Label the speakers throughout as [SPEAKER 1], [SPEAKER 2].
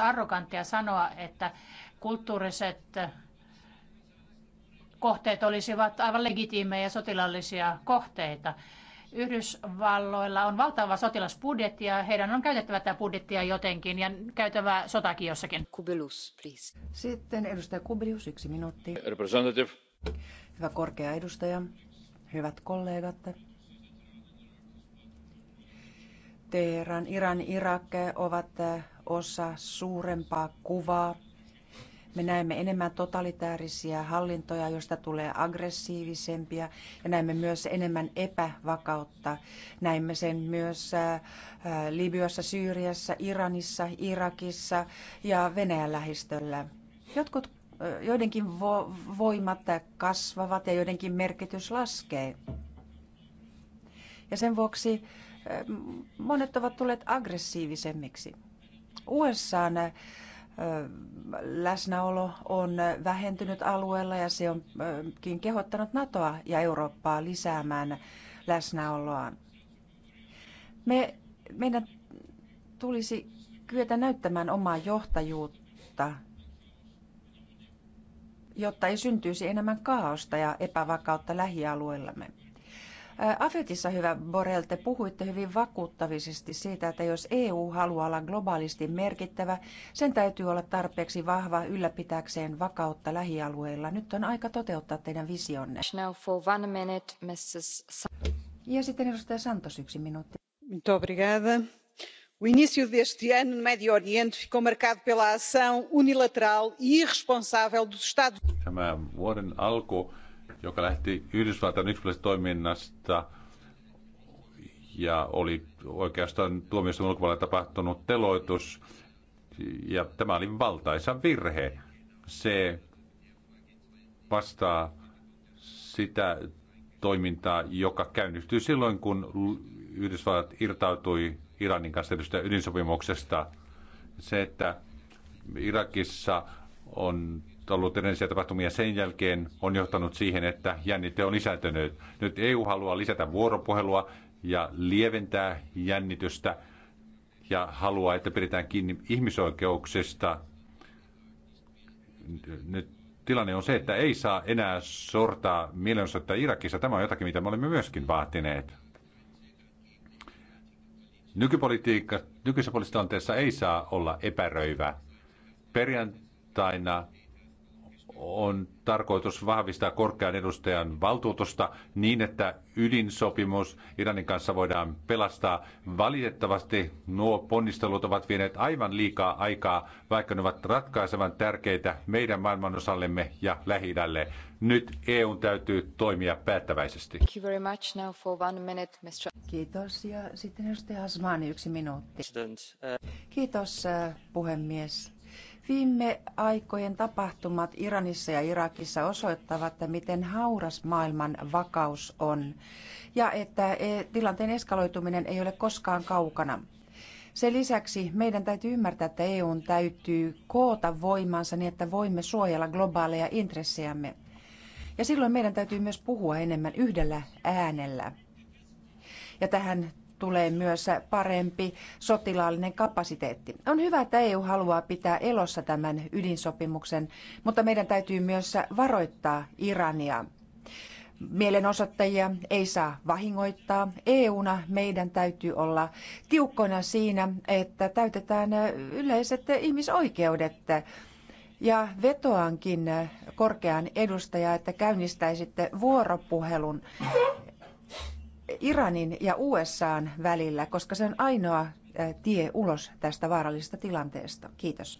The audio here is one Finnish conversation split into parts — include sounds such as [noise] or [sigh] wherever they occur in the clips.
[SPEAKER 1] arrogantia sanoa, että kulttuuriset kohteet olisivat aivan legitiimejä sotilaallisia kohteita. Yhdysvalloilla on valtava sotilasbudjetti ja heidän on käytettävä tätä budjettia jotenkin ja käytävä sotakin jossakin. Kubilus, please. Sitten edustaja Kubilus yksi minuutti.
[SPEAKER 2] Representative.
[SPEAKER 3] Hyvä korkea edustaja, hyvät kollegat. Teheran, Iran, Irak ovat osa suurempaa kuvaa. Me näemme enemmän totalitäärisiä hallintoja, joista tulee aggressiivisempia ja näemme myös enemmän epävakautta. Näemme sen myös äh, äh, Libyassa, Syyriassa, Iranissa, Irakissa ja Venäjän lähistöllä. Jotkut, äh, joidenkin vo- voimat kasvavat ja joidenkin merkitys laskee. Ja sen vuoksi monet ovat tulleet aggressiivisemmiksi. USAn läsnäolo on vähentynyt alueella ja se onkin kehottanut NATOa ja Eurooppaa lisäämään läsnäoloaan. Me, meidän tulisi kyetä näyttämään omaa johtajuutta, jotta ei syntyisi enemmän kaaosta ja epävakautta lähialueillamme. Afetissa, hyvä Borel, te puhuitte hyvin vakuuttavisesti siitä, että jos EU haluaa olla globaalisti merkittävä, sen täytyy olla tarpeeksi vahva ylläpitääkseen vakautta lähialueilla. Nyt on aika toteuttaa teidän visionne. Now for one minute, Mrs. Ja sitten edustaja Santos yksi
[SPEAKER 4] minuutti. Obrigada. O início deste ano no Médio Oriente ficou marcado pela ação unilateral e irresponsável dos Estados
[SPEAKER 5] Unidos joka lähti Yhdysvaltain yksipuolisesta toiminnasta ja oli oikeastaan tuomioistuimen ulkopuolella tapahtunut teloitus. Ja tämä oli valtaisa virhe. Se vastaa sitä toimintaa, joka käynnistyi silloin, kun Yhdysvallat irtautui Iranin kanssa yhdistetystä ydinsopimuksesta. Se, että Irakissa on ollut edellisiä tapahtumia sen jälkeen, on johtanut siihen, että jännite on lisääntynyt. Nyt EU haluaa lisätä vuoropuhelua ja lieventää jännitystä ja haluaa, että pidetään kiinni ihmisoikeuksista. Nyt tilanne on se, että ei saa enää sortaa mielenosoittajia Irakissa. Tämä on jotakin, mitä me olemme myöskin vaatineet. Nykypolitiikka, nykyisessä poliittisessa ei saa olla epäröivä. Perjantaina on tarkoitus vahvistaa korkean edustajan valtuutusta niin, että ydinsopimus Iranin kanssa voidaan pelastaa. Valitettavasti nuo ponnistelut ovat vieneet aivan liikaa aikaa, vaikka ne ovat ratkaisevan tärkeitä meidän maailmanosallemme ja lähi Nyt EUn täytyy toimia päättäväisesti. Thank
[SPEAKER 3] you very much now for one minute, Mr. Kiitos. Ja sitten edustaja Asmani yksi minuutti. Uh- Kiitos uh, puhemies. Viime aikojen tapahtumat Iranissa ja Irakissa osoittavat, että miten hauras maailman vakaus on ja että e, tilanteen eskaloituminen ei ole koskaan kaukana. Sen lisäksi meidän täytyy ymmärtää, että EUn täytyy koota voimansa niin, että voimme suojella globaaleja intressejämme. Ja silloin meidän täytyy myös puhua enemmän yhdellä äänellä. Ja tähän tulee myös parempi sotilaallinen kapasiteetti. On hyvä, että EU haluaa pitää elossa tämän ydinsopimuksen, mutta meidän täytyy myös varoittaa Irania. Mielenosoittajia ei saa vahingoittaa. EUna meidän täytyy olla tiukkoina siinä, että täytetään yleiset ihmisoikeudet. Ja vetoankin korkean edustajaa, että käynnistäisitte vuoropuhelun Iranin ja USAn välillä, koska se on ainoa tie ulos tästä vaarallisesta tilanteesta. Kiitos.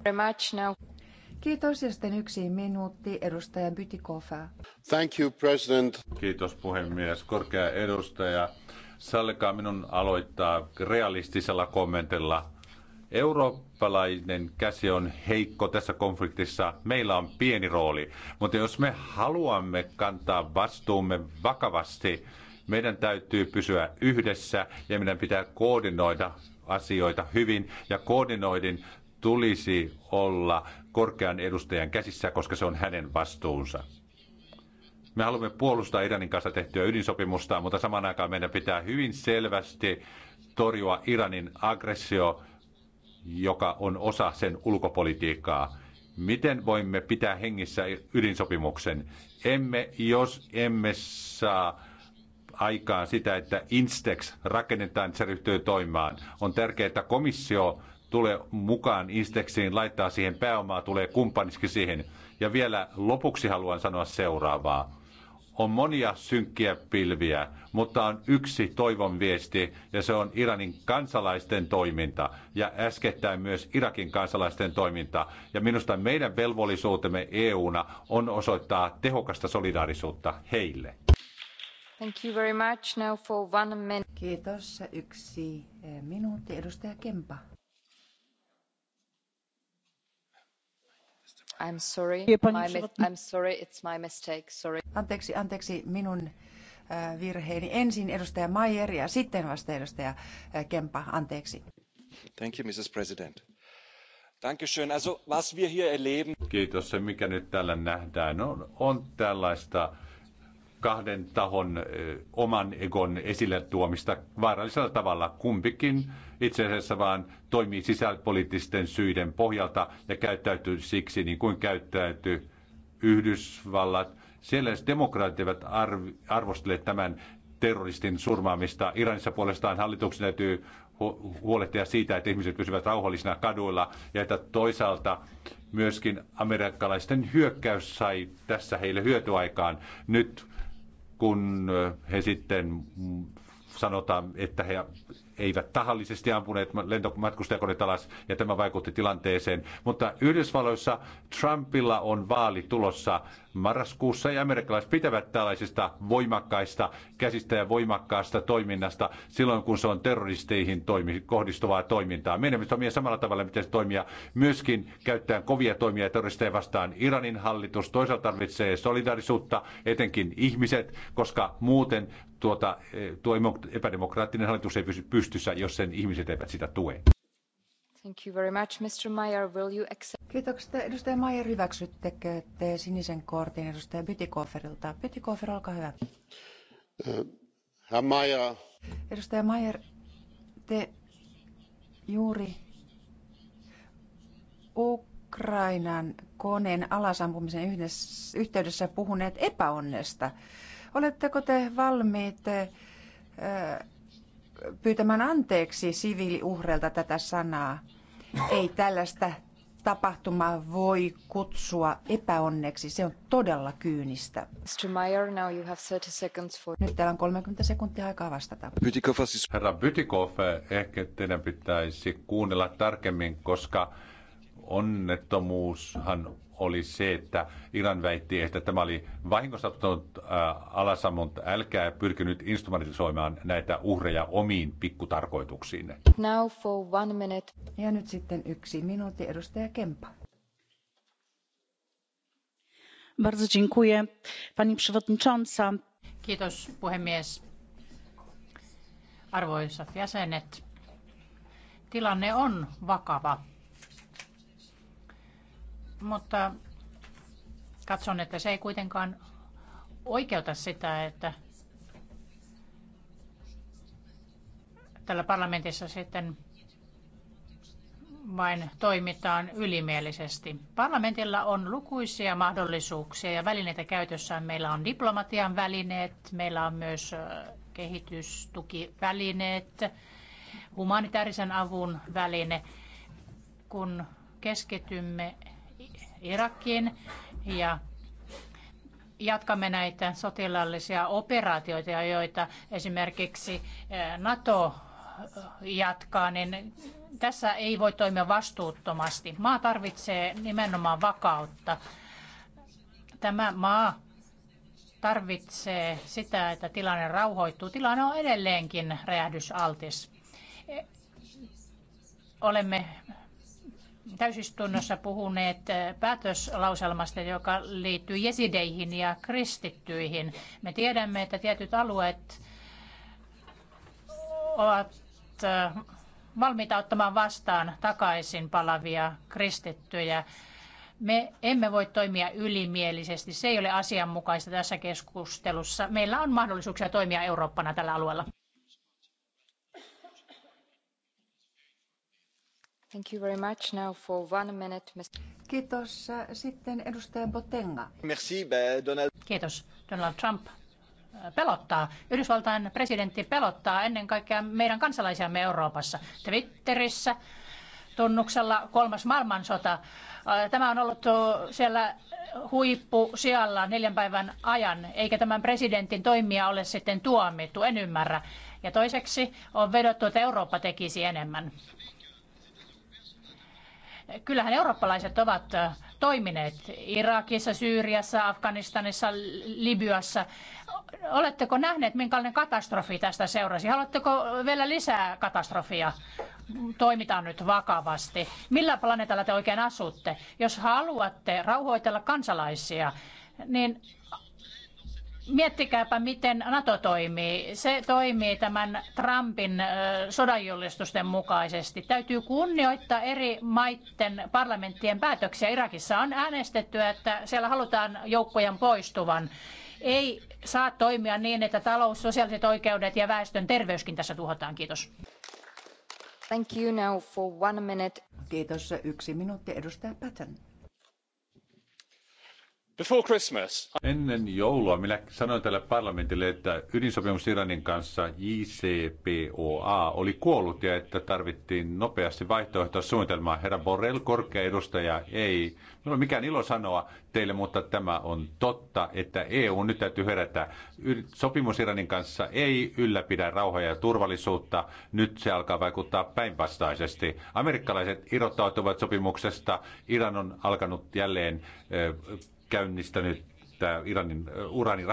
[SPEAKER 3] Kiitos ja sitten yksi minuutti edustaja Bytikofer.
[SPEAKER 2] Thank you, President.
[SPEAKER 5] Kiitos puhemies. Korkea edustaja, sallikaa minun aloittaa realistisella kommentilla. Eurooppalainen käsi on heikko tässä konfliktissa. Meillä on pieni rooli, mutta jos me haluamme kantaa vastuumme vakavasti – meidän täytyy pysyä yhdessä ja meidän pitää koordinoida asioita hyvin ja koordinoidin tulisi olla korkean edustajan käsissä, koska se on hänen vastuunsa. Me haluamme puolustaa Iranin kanssa tehtyä ydinsopimusta, mutta samaan aikaan meidän pitää hyvin selvästi torjua Iranin aggressio, joka on osa sen ulkopolitiikkaa. Miten voimme pitää hengissä ydinsopimuksen? Emme, jos emme saa aikaan sitä, että Instex rakennetaan, että se ryhtyy toimimaan. On tärkeää, että komissio tulee mukaan Instexiin, laittaa siihen pääomaa, tulee kumppaniksi siihen. Ja vielä lopuksi haluan sanoa seuraavaa. On monia synkkiä pilviä, mutta on yksi toivon viesti, ja se on Iranin kansalaisten toiminta, ja äskettäin myös Irakin kansalaisten toiminta. Ja minusta meidän velvollisuutemme EUna on osoittaa tehokasta solidaarisuutta heille.
[SPEAKER 3] Kiitos. Yksi minuutti. Edustaja I'm sorry.
[SPEAKER 4] I'm sorry. It's my mistake. Sorry.
[SPEAKER 3] Anteeksi, anteeksi minun eh, virheeni. Ensin edustaja Mayer ja sitten vasta edustaja eh, Kempa. Anteeksi.
[SPEAKER 6] Thank you, Mrs. President.
[SPEAKER 5] Dankeschön. Also, was wir hier Se, mikä nyt täällä nähdään, on tällaista kahden tahon oman egon esille tuomista vaarallisella tavalla. Kumpikin itse asiassa vaan toimii sisäpoliittisten syiden pohjalta ja käyttäytyy siksi niin kuin käyttäytyy Yhdysvallat. Siellä demokraatit eivät arv- arvostele tämän terroristin surmaamista. Iranissa puolestaan hallituksen täytyy huolehtia siitä, että ihmiset pysyvät rauhallisina kaduilla ja että toisaalta myöskin amerikkalaisten hyökkäys sai tässä heille hyötyaikaan. Nyt kun he sitten sanotaan, että he eivät tahallisesti ampuneet lentomatkustajakoneet alas ja tämä vaikutti tilanteeseen. Mutta Yhdysvalloissa Trumpilla on vaali tulossa marraskuussa ja amerikkalaiset pitävät tällaisista voimakkaista käsistä ja voimakkaasta toiminnasta silloin, kun se on terroristeihin toimi, kohdistuvaa toimintaa. Meidän toimia samalla tavalla, miten se toimia myöskin käyttäen kovia toimia terroristeja vastaan. Iranin hallitus toisaalta tarvitsee solidarisuutta, etenkin ihmiset, koska muuten tuota, eh, tuo epädemokraattinen hallitus ei pysy pystyssä, jos sen ihmiset eivät sitä tue.
[SPEAKER 6] Thank you very much. Mr. Mayer, will you
[SPEAKER 3] accept... Kiitoksia. Edustaja Mayer, hyväksyttekö te sinisen kortin edustaja Bytikoferilta? Bytikofer, olkaa hyvä.
[SPEAKER 2] Eh, Herr Mayer.
[SPEAKER 3] Edustaja Mayer, te juuri Ukrainan koneen alasampumisen yhdessä, yhteydessä puhuneet epäonnesta. Oletteko te valmiit pyytämään anteeksi siviiliuhrelta tätä sanaa? Ei tällaista tapahtumaa voi kutsua epäonneksi. Se on todella kyynistä. Mr. Meyer, now you have 30 seconds for... Nyt täällä on 30 sekuntia aikaa vastata.
[SPEAKER 5] Bytikoff, Herra Bytikoff, ehkä teidän pitäisi kuunnella tarkemmin, koska onnettomuushan oli se, että Iran väitti, että tämä oli vahingossa äh, alassa, mutta älkää pyrkinyt instrumentalisoimaan näitä uhreja omiin pikkutarkoituksiin.
[SPEAKER 3] Now for one minute. Ja nyt sitten yksi minuutti, edustaja Kempa.
[SPEAKER 4] Bardzo dziękuję, pani przewodnicząca.
[SPEAKER 1] Kiitos puhemies. Arvoisat jäsenet, tilanne on vakava mutta katson, että se ei kuitenkaan oikeuta sitä, että tällä parlamentissa sitten vain toimitaan ylimielisesti. Parlamentilla on lukuisia mahdollisuuksia ja välineitä käytössään. Meillä on diplomatian välineet, meillä on myös kehitystukivälineet, humanitaarisen avun väline. Kun keskitymme Irakiin ja jatkamme näitä sotilaallisia operaatioita, joita esimerkiksi eh, NATO eh, jatkaa, niin tässä ei voi toimia vastuuttomasti. Maa tarvitsee nimenomaan vakautta. Tämä maa tarvitsee sitä, että tilanne rauhoittuu. Tilanne on edelleenkin räjähdysaltis. Eh, olemme täysistunnossa puhuneet eh, päätöslauselmasta, joka liittyy jesideihin ja kristittyihin. Me tiedämme, että tietyt alueet ovat eh, valmiita ottamaan vastaan takaisin palavia kristittyjä. Me emme voi toimia ylimielisesti. Se ei ole asianmukaista tässä keskustelussa. Meillä on mahdollisuuksia toimia Eurooppana tällä alueella. Kiitos. Sitten Botenga. Donald. Kiitos. Donald Trump äh, pelottaa. Yhdysvaltain presidentti pelottaa ennen kaikkea meidän kansalaisiamme Euroopassa. Twitterissä tunnuksella kolmas maailmansota. Äh, tämä on ollut äh, siellä huippu siellä neljän päivän ajan, eikä tämän presidentin toimia ole sitten tuomittu, en ymmärrä. Ja toiseksi on vedottu, että Eurooppa tekisi enemmän kyllähän eurooppalaiset ovat toimineet Irakissa, Syyriassa, Afganistanissa, Libyassa. Oletteko nähneet, minkälainen katastrofi tästä seurasi? Haluatteko vielä lisää katastrofia? Toimitaan nyt vakavasti. Millä planeetalla te oikein asutte? Jos haluatte rauhoitella kansalaisia, niin Miettikääpä, miten NATO toimii. Se toimii tämän Trumpin sodanjulistusten mukaisesti. Täytyy kunnioittaa eri maiden parlamenttien päätöksiä. Irakissa on äänestetty, että siellä halutaan joukkojen poistuvan. Ei saa toimia niin, että talous, sosiaaliset oikeudet ja väestön terveyskin tässä tuhotaan. Kiitos.
[SPEAKER 3] Thank you now for one minute. Kiitos. Yksi minuutti. Edustaja
[SPEAKER 4] Patton.
[SPEAKER 5] Ennen joulua minä sanoin tälle parlamentille, että ydinsopimus Iranin kanssa JCPOA oli kuollut ja että tarvittiin nopeasti vaihtoehtoa suunnitelmaa. Herra Borrell, korkea edustaja, ei. Minulla on mikään ilo sanoa teille, mutta tämä on totta, että EU nyt täytyy herätä. Sopimus Iranin kanssa ei ylläpidä rauhaa ja turvallisuutta. Nyt se alkaa vaikuttaa päinvastaisesti. Amerikkalaiset irrottautuvat sopimuksesta. Iran on alkanut jälleen käynnistänyt tämä Iranin uranin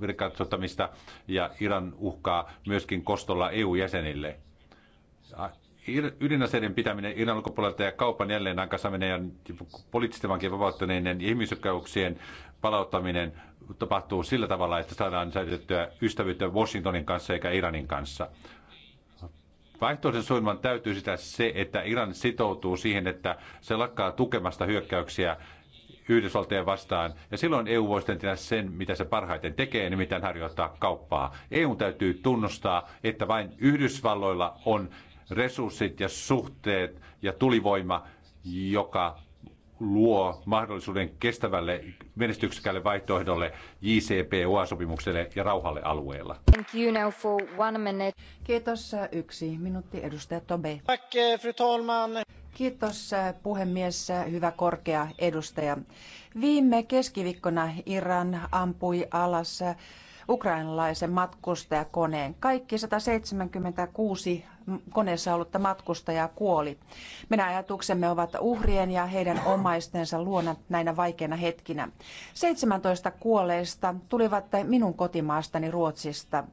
[SPEAKER 5] virkatsottamista ja Iran uhkaa myöskin kostolla EU-jäsenille. Ydinaseiden pitäminen Iran ulkopuolelta ja kaupan jälleen aikaisemmin ja poliittisten vankien vapauttaneiden ja ihmisoikeuksien palauttaminen tapahtuu sillä tavalla, että saadaan säilytettyä ystävyyttä Washingtonin kanssa eikä Iranin kanssa. Vaihtoehtoisen suunnitelman täytyy sitä se, että Iran sitoutuu siihen, että se lakkaa tukemasta hyökkäyksiä Yhdysvaltojen vastaan. Ja silloin EU voi sitten tehdä sen, mitä se parhaiten tekee, nimittäin harjoittaa kauppaa. EU täytyy tunnustaa, että vain Yhdysvalloilla on resurssit ja suhteet ja tulivoima, joka luo mahdollisuuden kestävälle menestyksekälle vaihtoehdolle JCPOA-sopimukselle ja rauhalle alueella.
[SPEAKER 3] Thank you now for one minute. Kiitos. Yksi minuutti, edustaja Tobe. Tack, fru talman. Kiitos puhemies, hyvä korkea edustaja. Viime keskiviikkona Iran ampui alas ukrainalaisen matkustajakoneen. Kaikki 176 koneessa ollutta matkustajaa kuoli. Meidän ajatuksemme ovat uhrien ja heidän omaistensa luona näinä vaikeina hetkinä. 17 kuolleista tulivat minun kotimaastani Ruotsista.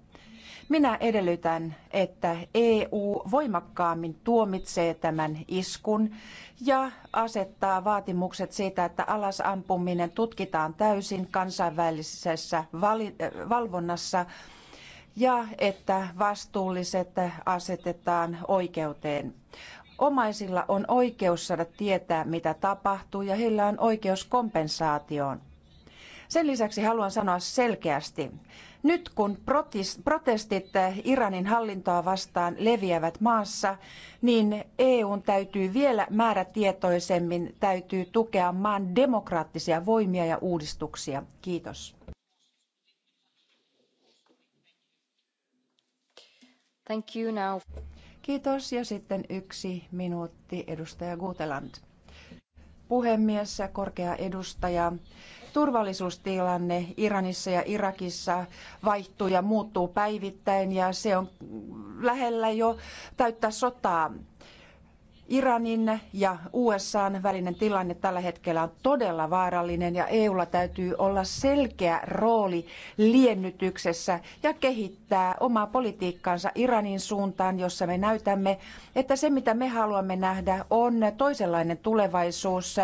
[SPEAKER 3] Minä edellytän, että EU voimakkaammin tuomitsee tämän iskun ja asettaa vaatimukset siitä, että alasampuminen tutkitaan täysin kansainvälisessä valvonnassa ja että vastuulliset asetetaan oikeuteen. Omaisilla on oikeus saada tietää, mitä tapahtuu, ja heillä on oikeus kompensaatioon. Sen lisäksi haluan sanoa selkeästi, nyt kun protestit Iranin hallintoa vastaan leviävät maassa, niin EUn täytyy vielä määrätietoisemmin täytyy tukea maan demokraattisia voimia ja uudistuksia. Kiitos. Thank you now. Kiitos ja sitten yksi minuutti edustaja Guteland puhemies, korkea edustaja turvallisuustilanne Iranissa ja Irakissa vaihtuu ja muuttuu päivittäin ja se on lähellä jo täyttä sotaa. Iranin ja USAn välinen tilanne tällä hetkellä on todella vaarallinen ja EUlla täytyy olla selkeä rooli liennytyksessä ja kehittää omaa politiikkaansa Iranin suuntaan, jossa me näytämme, että se mitä me haluamme nähdä on toisenlainen tulevaisuus,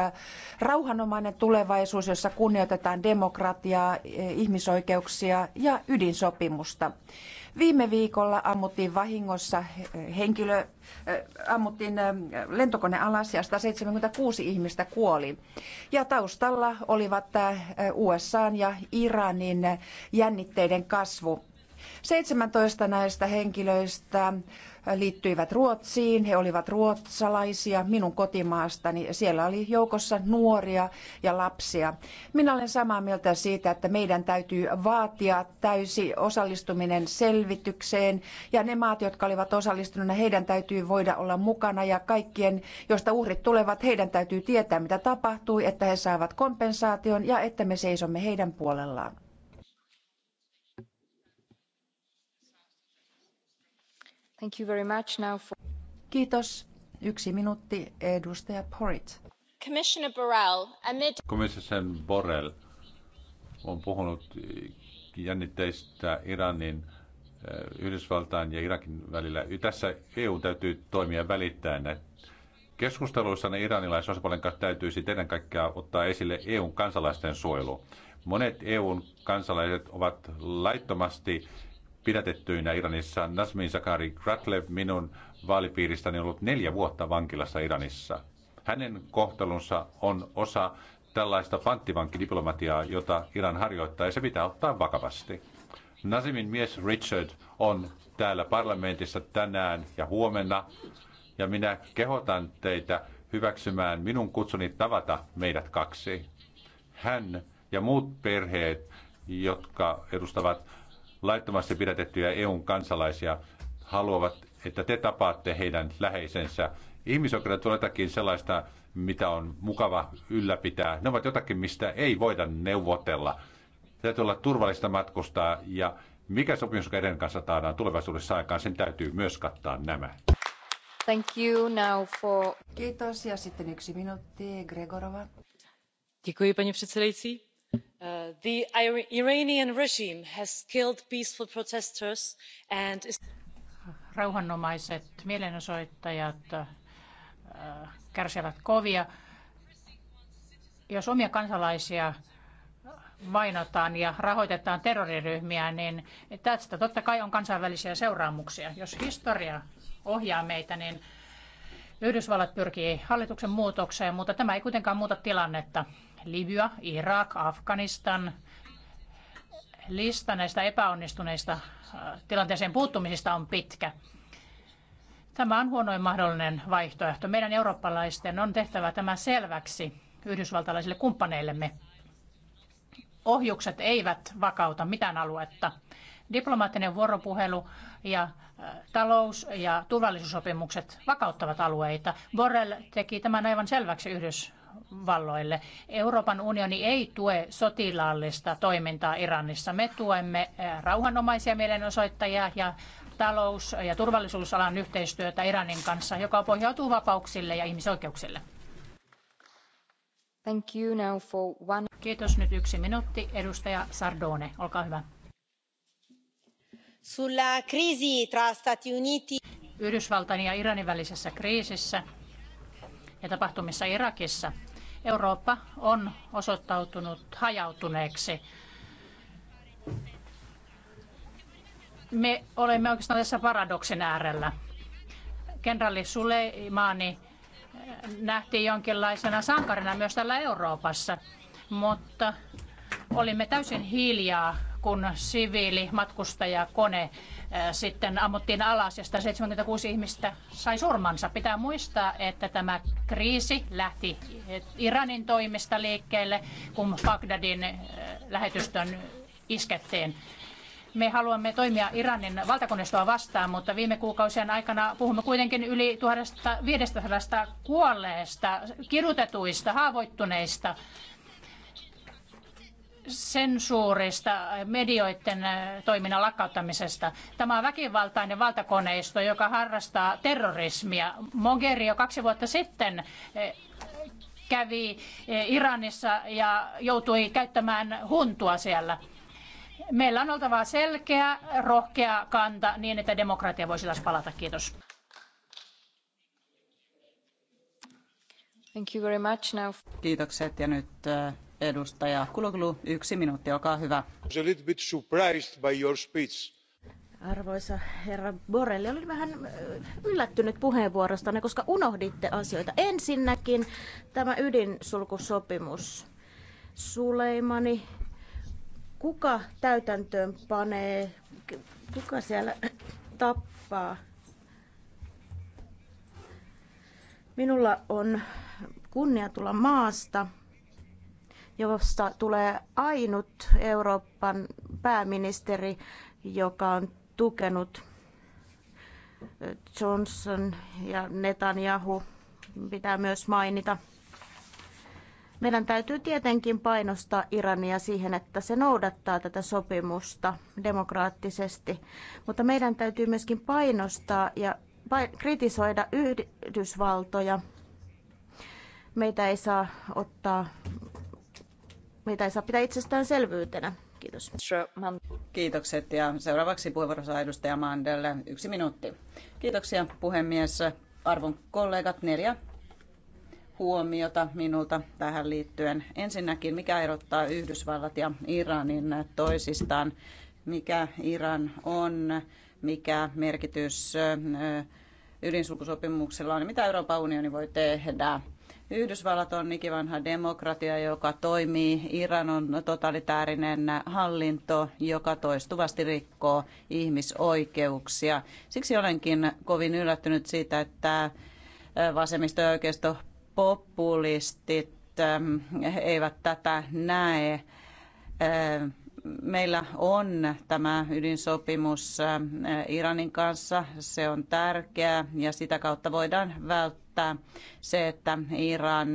[SPEAKER 3] rauhanomainen tulevaisuus, jossa kunnioitetaan demokratiaa, ihmisoikeuksia ja ydinsopimusta. Viime viikolla ammuttiin vahingossa henkilö, ammuttiin lentokone alas ja 176 ihmistä kuoli. Ja taustalla olivat USA ja Iranin jännitteiden kasvu. 17 näistä henkilöistä liittyivät Ruotsiin, he olivat ruotsalaisia minun kotimaastani. Siellä oli joukossa nuoria ja lapsia. Minä olen samaa mieltä siitä, että meidän täytyy vaatia täysi osallistuminen selvitykseen ja ne maat, jotka olivat osallistuneena, heidän täytyy voida olla mukana ja kaikkien, joista uhrit tulevat, heidän täytyy tietää, mitä tapahtui, että he saavat kompensaation ja että me seisomme heidän puolellaan. Thank Kiitos. Yksi minuutti,
[SPEAKER 5] Borrell, on puhunut jännitteistä Iranin, eh, Yhdysvaltain ja Irakin välillä. Tässä EU täytyy toimia välittäen. Keskusteluissa ne osapuolen kanssa täytyisi teidän kaikkea ottaa esille EUn kansalaisten suojelu. Monet EUn kansalaiset ovat laittomasti pidätettyinä Iranissa. Nasmin Zakari Kratlev minun vaalipiiristäni on ollut neljä vuotta vankilassa Iranissa. Hänen kohtalunsa on osa tällaista panttivankkidiplomatiaa, jota Iran harjoittaa, ja se pitää ottaa vakavasti. Nasimin mies Richard on täällä parlamentissa tänään ja huomenna, ja minä kehotan teitä hyväksymään minun kutsuni tavata meidät kaksi. Hän ja muut perheet, jotka edustavat laittomasti pidätettyjä EUn kansalaisia haluavat, että te tapaatte heidän läheisensä. Ihmisoikeudet ovat jotakin sellaista, mitä on mukava ylläpitää. Ne ovat jotakin, mistä ei voida neuvotella. Täytyy olla turvallista matkustaa ja mikä sopimus Kenen kanssa taadaan tulevaisuudessa aikaan, sen täytyy myös kattaa nämä.
[SPEAKER 3] Thank you now for... Kiitos ja sitten yksi minuutti,
[SPEAKER 1] Gregorova.
[SPEAKER 7] Děkuji, paní předsedající
[SPEAKER 1] Rauhanomaiset mielenosoittajat uh, kärsivät kovia. Jos omia kansalaisia vainotaan ja rahoitetaan terroriryhmiä, niin tästä totta kai on kansainvälisiä seuraamuksia. Jos historia ohjaa meitä, niin Yhdysvallat pyrkii hallituksen muutokseen, mutta tämä ei kuitenkaan muuta tilannetta. Libya, Irak, Afganistan. Lista näistä epäonnistuneista äh, tilanteeseen puuttumisista on pitkä. Tämä on huonoin mahdollinen vaihtoehto. Meidän eurooppalaisten on tehtävä tämä selväksi yhdysvaltalaisille kumppaneillemme. Ohjukset eivät vakauta mitään aluetta. Diplomaattinen vuoropuhelu ja äh, talous- ja turvallisuussopimukset vakauttavat alueita. Borrell teki tämän aivan selväksi Yhdysvaltalaisille valloille. Euroopan unioni ei tue sotilaallista toimintaa Iranissa. Me tuemme eh, rauhanomaisia mielenosoittajia ja talous- ja turvallisuusalan yhteistyötä Iranin kanssa, joka pohjautuu vapauksille ja ihmisoikeuksille. Thank you now for one... Kiitos. Nyt yksi minuutti. Edustaja Sardone, olkaa hyvä. Sulla tra Stati Uniti. Yhdysvaltain ja Iranin välisessä kriisissä ja tapahtumissa Irakissa, Eurooppa on osoittautunut hajautuneeksi. Me olemme oikeastaan tässä paradoksin äärellä. Kenraali Suleimani eh, nähtiin jonkinlaisena sankarina myös täällä Euroopassa, mutta olimme täysin hiljaa kun siviili matkustajakone äh, sitten ammuttiin alas ja 176 ihmistä sai surmansa. Pitää muistaa, että tämä kriisi lähti Iranin toimista liikkeelle, kun Bagdadin äh, lähetystön iskettiin. Me haluamme toimia Iranin valtakunnallistoa vastaan, mutta viime kuukausien aikana puhumme kuitenkin yli 1500 kuolleesta, kidutetuista, haavoittuneista sensuurista, medioiden äh, toiminnan lakkauttamisesta. Tämä on väkivaltainen valtakoneisto, joka harrastaa terrorismia. Mogheri jo kaksi vuotta sitten äh, kävi äh, Iranissa ja joutui käyttämään huntua siellä. Meillä on oltava selkeä, rohkea kanta niin, että demokratia voisi taas palata. Kiitos.
[SPEAKER 4] Thank you very much now. Kiitokset ja nyt Edustaja yksi minuutti, olkaa hyvä.
[SPEAKER 6] Arvoisa herra Borrell, olin vähän äh, yllättynyt puheenvuorostanne, koska unohditte asioita. Ensinnäkin tämä ydinsulkusopimus. Suleimani, kuka täytäntöön panee, kuka siellä tappaa? Minulla on kunnia tulla maasta, josta tulee ainut Euroopan pääministeri, joka on tukenut Johnson ja Netanyahu pitää myös mainita. Meidän täytyy tietenkin painostaa Irania siihen, että se noudattaa tätä sopimusta demokraattisesti, mutta meidän täytyy myöskin painostaa ja kritisoida Yhdysvaltoja. Meitä ei saa
[SPEAKER 4] ottaa meitä ei saa pitää itsestäänselvyytenä. Kiitos. Kiitokset ja seuraavaksi puheenvuoro saa edustaja Mandelle. Yksi minuutti. Kiitoksia puhemies. Arvon kollegat, neljä huomiota minulta tähän liittyen. Ensinnäkin, mikä erottaa Yhdysvallat ja Iranin toisistaan? Mikä Iran on? Mikä merkitys ydinsulkusopimuksella on? Mitä Euroopan unioni voi tehdä? Yhdysvallat on ikivanha demokratia, joka toimii. Iran on totalitäärinen hallinto, joka toistuvasti rikkoo ihmisoikeuksia. Siksi olenkin kovin yllättynyt siitä, että vasemmisto- ja oikeistopopulistit eivät tätä näe meillä on tämä ydinsopimus eh, Iranin kanssa, se on tärkeää ja sitä kautta voidaan välttää se, että Iran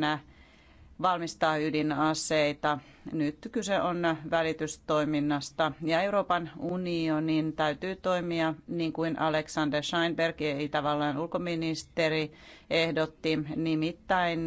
[SPEAKER 4] valmistaa ydinaseita. Nyt kyse on välitystoiminnasta ja Euroopan unionin täytyy toimia niin kuin Alexander Scheinberg, Itävallan ulkoministeri, ehdotti, nimittäin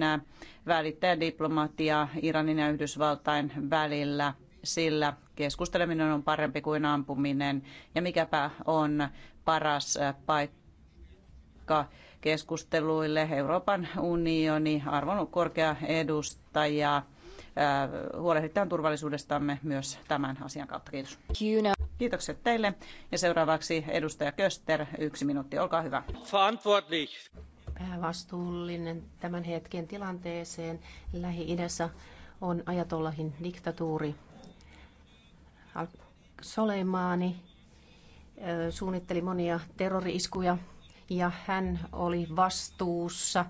[SPEAKER 4] välittäjädiplomatia Iranin ja Yhdysvaltain välillä – sillä keskusteleminen on parempi kuin ampuminen ja mikäpä on paras äh, paikka keskusteluille Euroopan unioni, arvon korkea edustaja. Äh, Huolehditaan turvallisuudestamme myös tämän asian kautta. Kiitos. Kiina. Kiitokset teille. Ja seuraavaksi edustaja Köster, yksi minuutti, olkaa hyvä.
[SPEAKER 7] Päävastuullinen tämän hetken tilanteeseen Lähi-idässä on ajatollahin diktatuuri Soleimani suunnitteli monia terroriiskuja ja hän oli vastuussa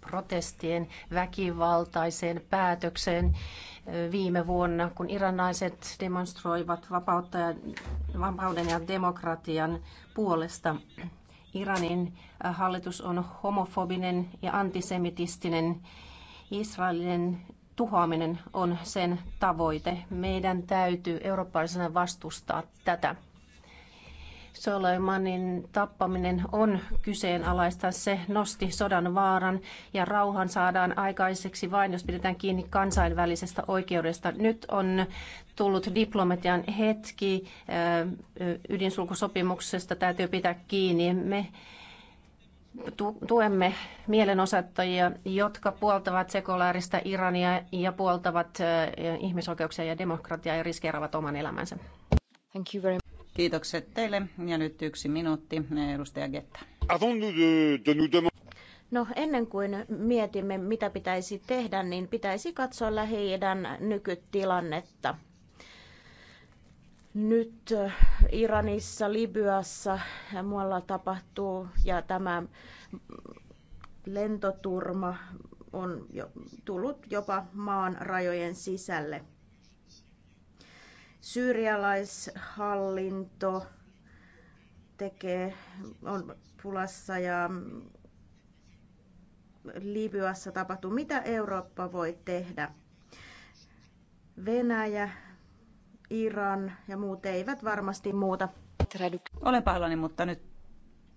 [SPEAKER 7] protestien väkivaltaiseen päätökseen viime vuonna, kun iranaiset demonstroivat vapauden ja demokratian puolesta. Iranin hallitus on homofobinen ja antisemitistinen. Israelin tuhoaminen on sen tavoite. Meidän täytyy eurooppalaisena vastustaa tätä. Soleimanin tappaminen on kyseenalaista. Se nosti sodan vaaran ja rauhan saadaan aikaiseksi vain, jos pidetään kiinni kansainvälisestä oikeudesta. Nyt on tullut diplomatian hetki ydinsulkusopimuksesta. Täytyy pitää kiinni. Me tuemme mielenosoittajia, jotka puoltavat sekulaarista Irania ja puoltavat ihmisoikeuksia ja demokratiaa ja riskeeraavat oman elämänsä.
[SPEAKER 6] Thank you very
[SPEAKER 4] much. Kiitokset teille. Ja nyt yksi minuutti, eh, edustaja Getta.
[SPEAKER 6] No ennen kuin mietimme, mitä pitäisi tehdä, niin pitäisi katsoa lähi nykytilannetta nyt äh, Iranissa, Libyassa ja äh, muualla tapahtuu ja tämä lentoturma on jo tullut jopa maan rajojen sisälle. Syyrialaishallinto tekee, on pulassa ja mm, Libyassa tapahtuu. Mitä Eurooppa voi tehdä? Venäjä Iran ja
[SPEAKER 4] muut eivät varmasti muuta. Olen pahoillani, mutta nyt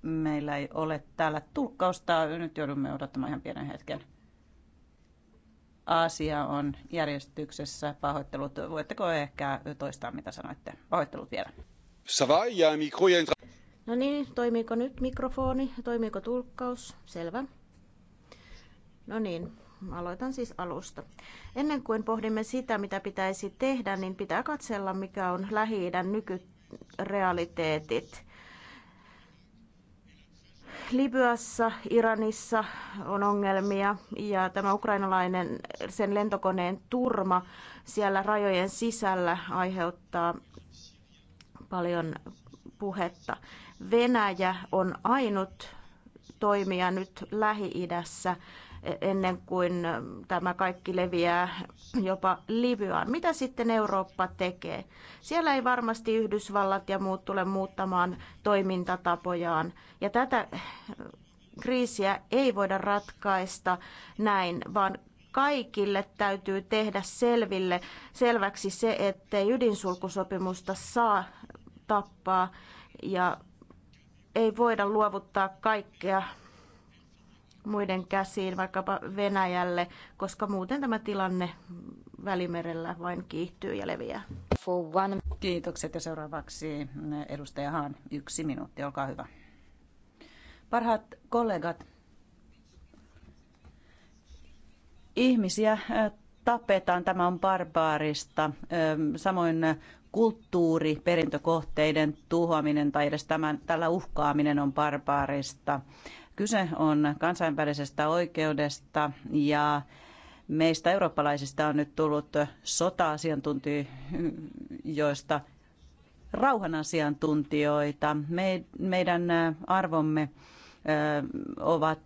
[SPEAKER 4] meillä ei ole täällä tulkkausta. Nyt joudumme odottamaan ihan pienen hetken. Asia on järjestyksessä. Pahoittelut. Voitteko ehkä toistaa, mitä sanoitte? Pahoittelut vielä. No niin, toimiiko nyt mikrofoni?
[SPEAKER 6] Toimiiko tulkkaus? Selvä. No niin, Aloitan siis alusta. Ennen kuin pohdimme sitä, mitä pitäisi tehdä, niin pitää katsella, mikä on Lähi-idän nykyrealiteetit. Libyassa, Iranissa on ongelmia ja tämä ukrainalainen sen lentokoneen turma siellä rajojen sisällä aiheuttaa paljon puhetta. Venäjä on ainut toimija nyt Lähi-idässä, ennen kuin tämä kaikki leviää jopa Libyaan. Mitä sitten Eurooppa tekee? Siellä ei varmasti Yhdysvallat ja muut tule muuttamaan toimintatapojaan. Ja tätä kriisiä ei voida ratkaista näin, vaan kaikille täytyy tehdä selville, selväksi se, ettei ydinsulkusopimusta saa tappaa ja ei voida luovuttaa kaikkea muiden käsiin, vaikkapa Venäjälle, koska muuten
[SPEAKER 4] tämä tilanne Välimerellä vain kiihtyy ja leviää. Kiitokset ja seuraavaksi mm, edustaja Haan, yksi minuutti, olkaa hyvä. Parhaat kollegat, ihmisiä äh, tapetaan, tämä on barbaarista. Ähm, samoin äh, kulttuuriperintökohteiden tuhoaminen tai edes tämän, tällä uhkaaminen on barbaarista. Kyse on kansainvälisestä oikeudesta ja meistä eurooppalaisista on nyt tullut sota-asiantuntijoista rauhanasiantuntijoita. Me, meidän arvomme ovat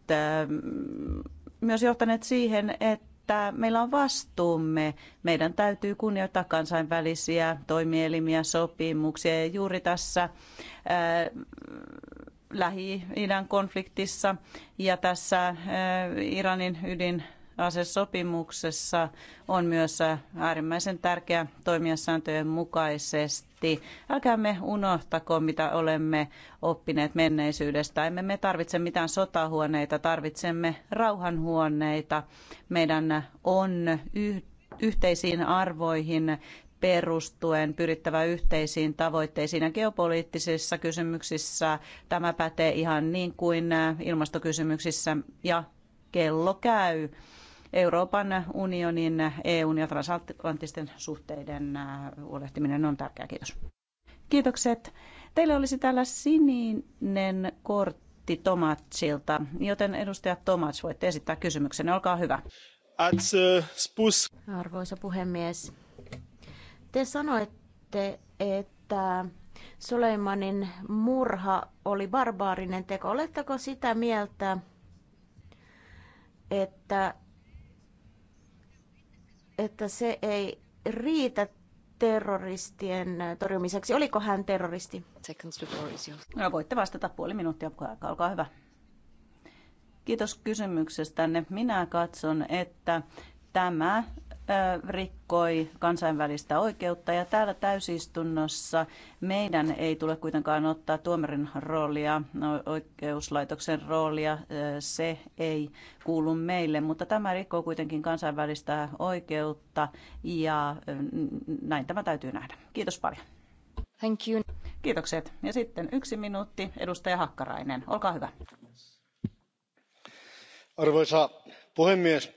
[SPEAKER 4] myös johtaneet siihen, että meillä on vastuumme. Meidän täytyy kunnioittaa kansainvälisiä toimielimiä, sopimuksia ja juuri tässä Lähi-idän konfliktissa ja tässä äh, Iranin ydinasesopimuksessa on myös äh, äärimmäisen tärkeä toimia sääntöjen mukaisesti. Älkäämme unohtako, mitä olemme oppineet menneisyydestä. Emme me tarvitse mitään sotahuoneita, tarvitsemme rauhanhuoneita. Meidän on yhteisiin arvoihin perustuen pyrittävä yhteisiin tavoitteisiin ja geopoliittisissa kysymyksissä. Tämä pätee ihan niin kuin ilmastokysymyksissä ja kello käy. Euroopan unionin, EUn ja transatlanttisten suhteiden huolehtiminen on tärkeää. Kiitos. Kiitokset. Teille olisi täällä sininen kortti Tomatsilta, joten edustaja Tomats, voitte esittää kysymyksen. Olkaa hyvä. Arvoisa puhemies, te sanoitte,
[SPEAKER 6] että Soleimanin murha oli barbaarinen teko. Oletteko sitä mieltä, että, että se ei riitä terroristien torjumiseksi?
[SPEAKER 4] Oliko hän terroristi? No, voitte vastata puoli minuuttia, aikaa. olkaa hyvä. Kiitos kysymyksestänne. Minä katson, että tämä rikkoi kansainvälistä oikeutta ja täällä täysistunnossa meidän ei tule kuitenkaan ottaa tuomarin roolia, no, oikeuslaitoksen roolia, se ei kuulu meille, mutta tämä rikkoo kuitenkin kansainvälistä oikeutta ja näin tämä täytyy nähdä. Kiitos paljon. Thank you. Kiitokset. Ja sitten yksi minuutti, edustaja Hakkarainen. Olkaa hyvä.
[SPEAKER 2] Arvoisa puhemies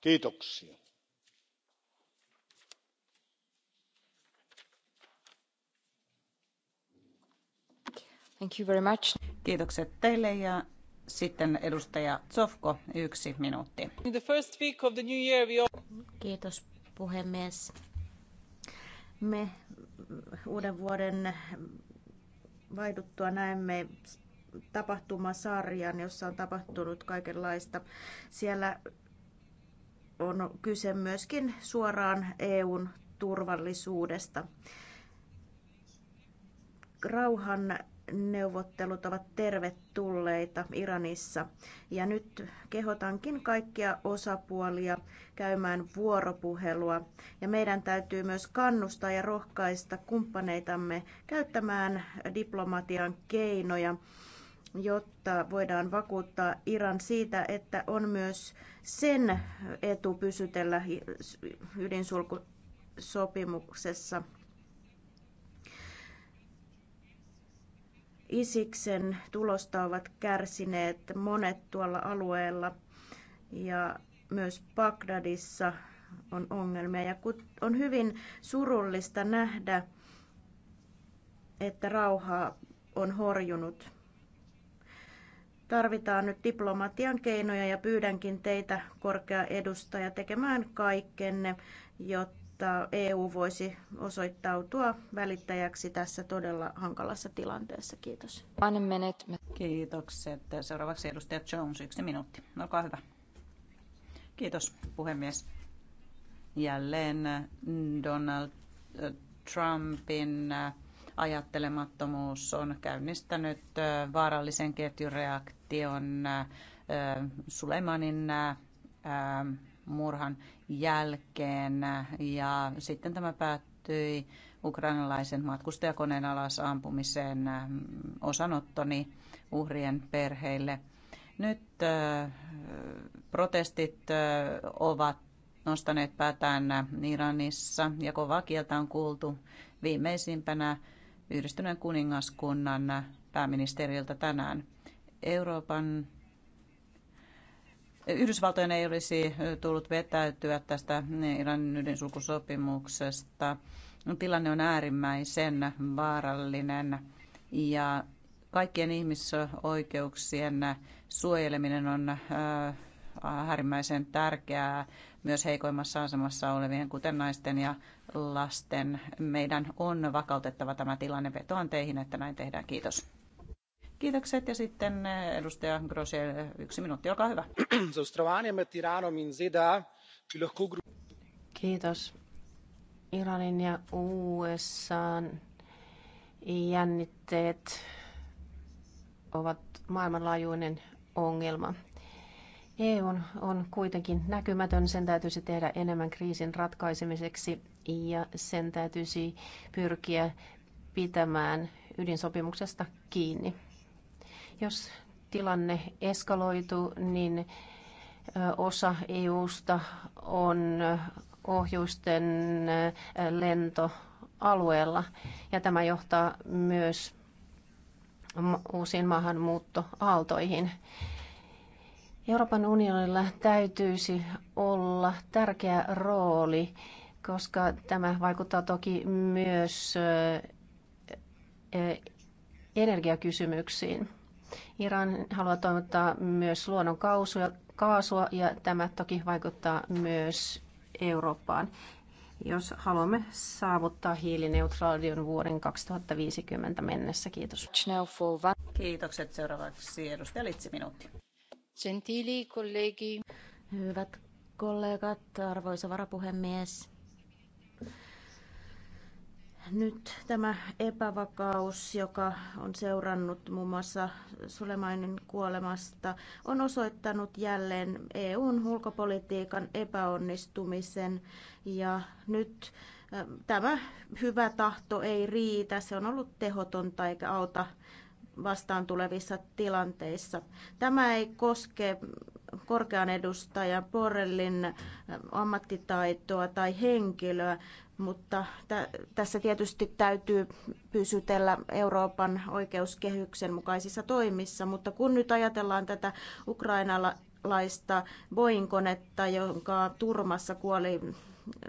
[SPEAKER 2] kiitoksia.
[SPEAKER 4] Thank you very much. Kiitokset teille ja sitten edustaja Zofko, yksi minuutti. In the first week of the new year we all... Kiitos puhemies. Me uuden
[SPEAKER 6] vuoden vaiduttua näemme tapahtumasarjan, jossa on tapahtunut kaikenlaista. Siellä on kyse myöskin suoraan EUn turvallisuudesta. Rauhan neuvottelut ovat tervetulleita Iranissa. Ja nyt kehotankin kaikkia osapuolia käymään vuoropuhelua. Ja meidän täytyy myös kannustaa ja rohkaista kumppaneitamme käyttämään diplomatian keinoja jotta voidaan vakuuttaa Iran siitä, että on myös sen etu pysytellä ydinsulkusopimuksessa. Isiksen tulosta ovat kärsineet monet tuolla alueella ja myös Bagdadissa on ongelmia. Ja on hyvin surullista nähdä, että rauha on horjunut Tarvitaan nyt diplomatian keinoja ja pyydänkin teitä, korkea edustaja, tekemään kaikkenne, jotta EU voisi osoittautua välittäjäksi
[SPEAKER 4] tässä todella hankalassa tilanteessa. Kiitos. Kiitokset. Seuraavaksi edustaja Jones, yksi minuutti. Olkaa hyvä. Kiitos, puhemies. Jälleen Donald Trumpin ajattelemattomuus on käynnistänyt vaarallisen ketjureaktion Sulemanin murhan jälkeen ja sitten tämä päättyi ukrainalaisen matkustajakoneen alas ampumiseen osanottoni uhrien perheille. Nyt protestit ovat nostaneet päätään Iranissa ja kovaa kieltä on kuultu viimeisimpänä yhdistyneen kuningaskunnan pääministeriltä tänään. Euroopan Yhdysvaltojen ei olisi tullut vetäytyä tästä Iranin ydinsulkusopimuksesta. Tilanne on äärimmäisen vaarallinen ja kaikkien ihmisoikeuksien suojeleminen on äh, äärimmäisen tärkeää myös heikoimmassa asemassa olevien, kuten naisten ja lasten. Meidän on vakautettava tämä tilanne. Vetoan teihin, että näin tehdään. Kiitos. Kiitokset ja sitten eh, edustaja Grosje, yksi minuutti, olkaa hyvä. [clears throat]
[SPEAKER 7] Kiitos. Iranin ja USA jännitteet ovat maailmanlaajuinen ongelma. EU on kuitenkin näkymätön, sen täytyisi tehdä enemmän kriisin ratkaisemiseksi ja sen täytyisi pyrkiä pitämään ydinsopimuksesta kiinni. Jos tilanne eskaloituu, niin osa EUsta on ohjusten lentoalueella ja tämä johtaa myös uusiin maahanmuuttoaaltoihin. Euroopan unionilla täytyisi olla tärkeä rooli koska tämä vaikuttaa toki myös e, energiakysymyksiin. Iran haluaa toimittaa myös luonnon kaasua ja tämä toki vaikuttaa myös Eurooppaan, jos haluamme saavuttaa hiilineutraalion vuoden 2050 mennessä. Kiitos.
[SPEAKER 4] Kiitokset. Seuraavaksi edustaja Litsi,
[SPEAKER 7] minuutti.
[SPEAKER 6] Gentili
[SPEAKER 4] kollegi.
[SPEAKER 6] Hyvät kollegat, arvoisa varapuhemies nyt tämä epävakaus, joka on seurannut muun muassa Sulemainen kuolemasta, on osoittanut jälleen EUn ulkopolitiikan epäonnistumisen. Ja nyt ähm, tämä hyvä tahto ei riitä, se on ollut tehotonta eikä auta vastaan tulevissa tilanteissa. Tämä ei koske korkean edustajan Borrellin ähm, ammattitaitoa tai henkilöä, mutta tässä tietysti täytyy pysytellä Euroopan oikeuskehyksen mukaisissa toimissa, mutta kun nyt ajatellaan tätä ukrainalaista boinkonetta, konetta jonka turmassa kuoli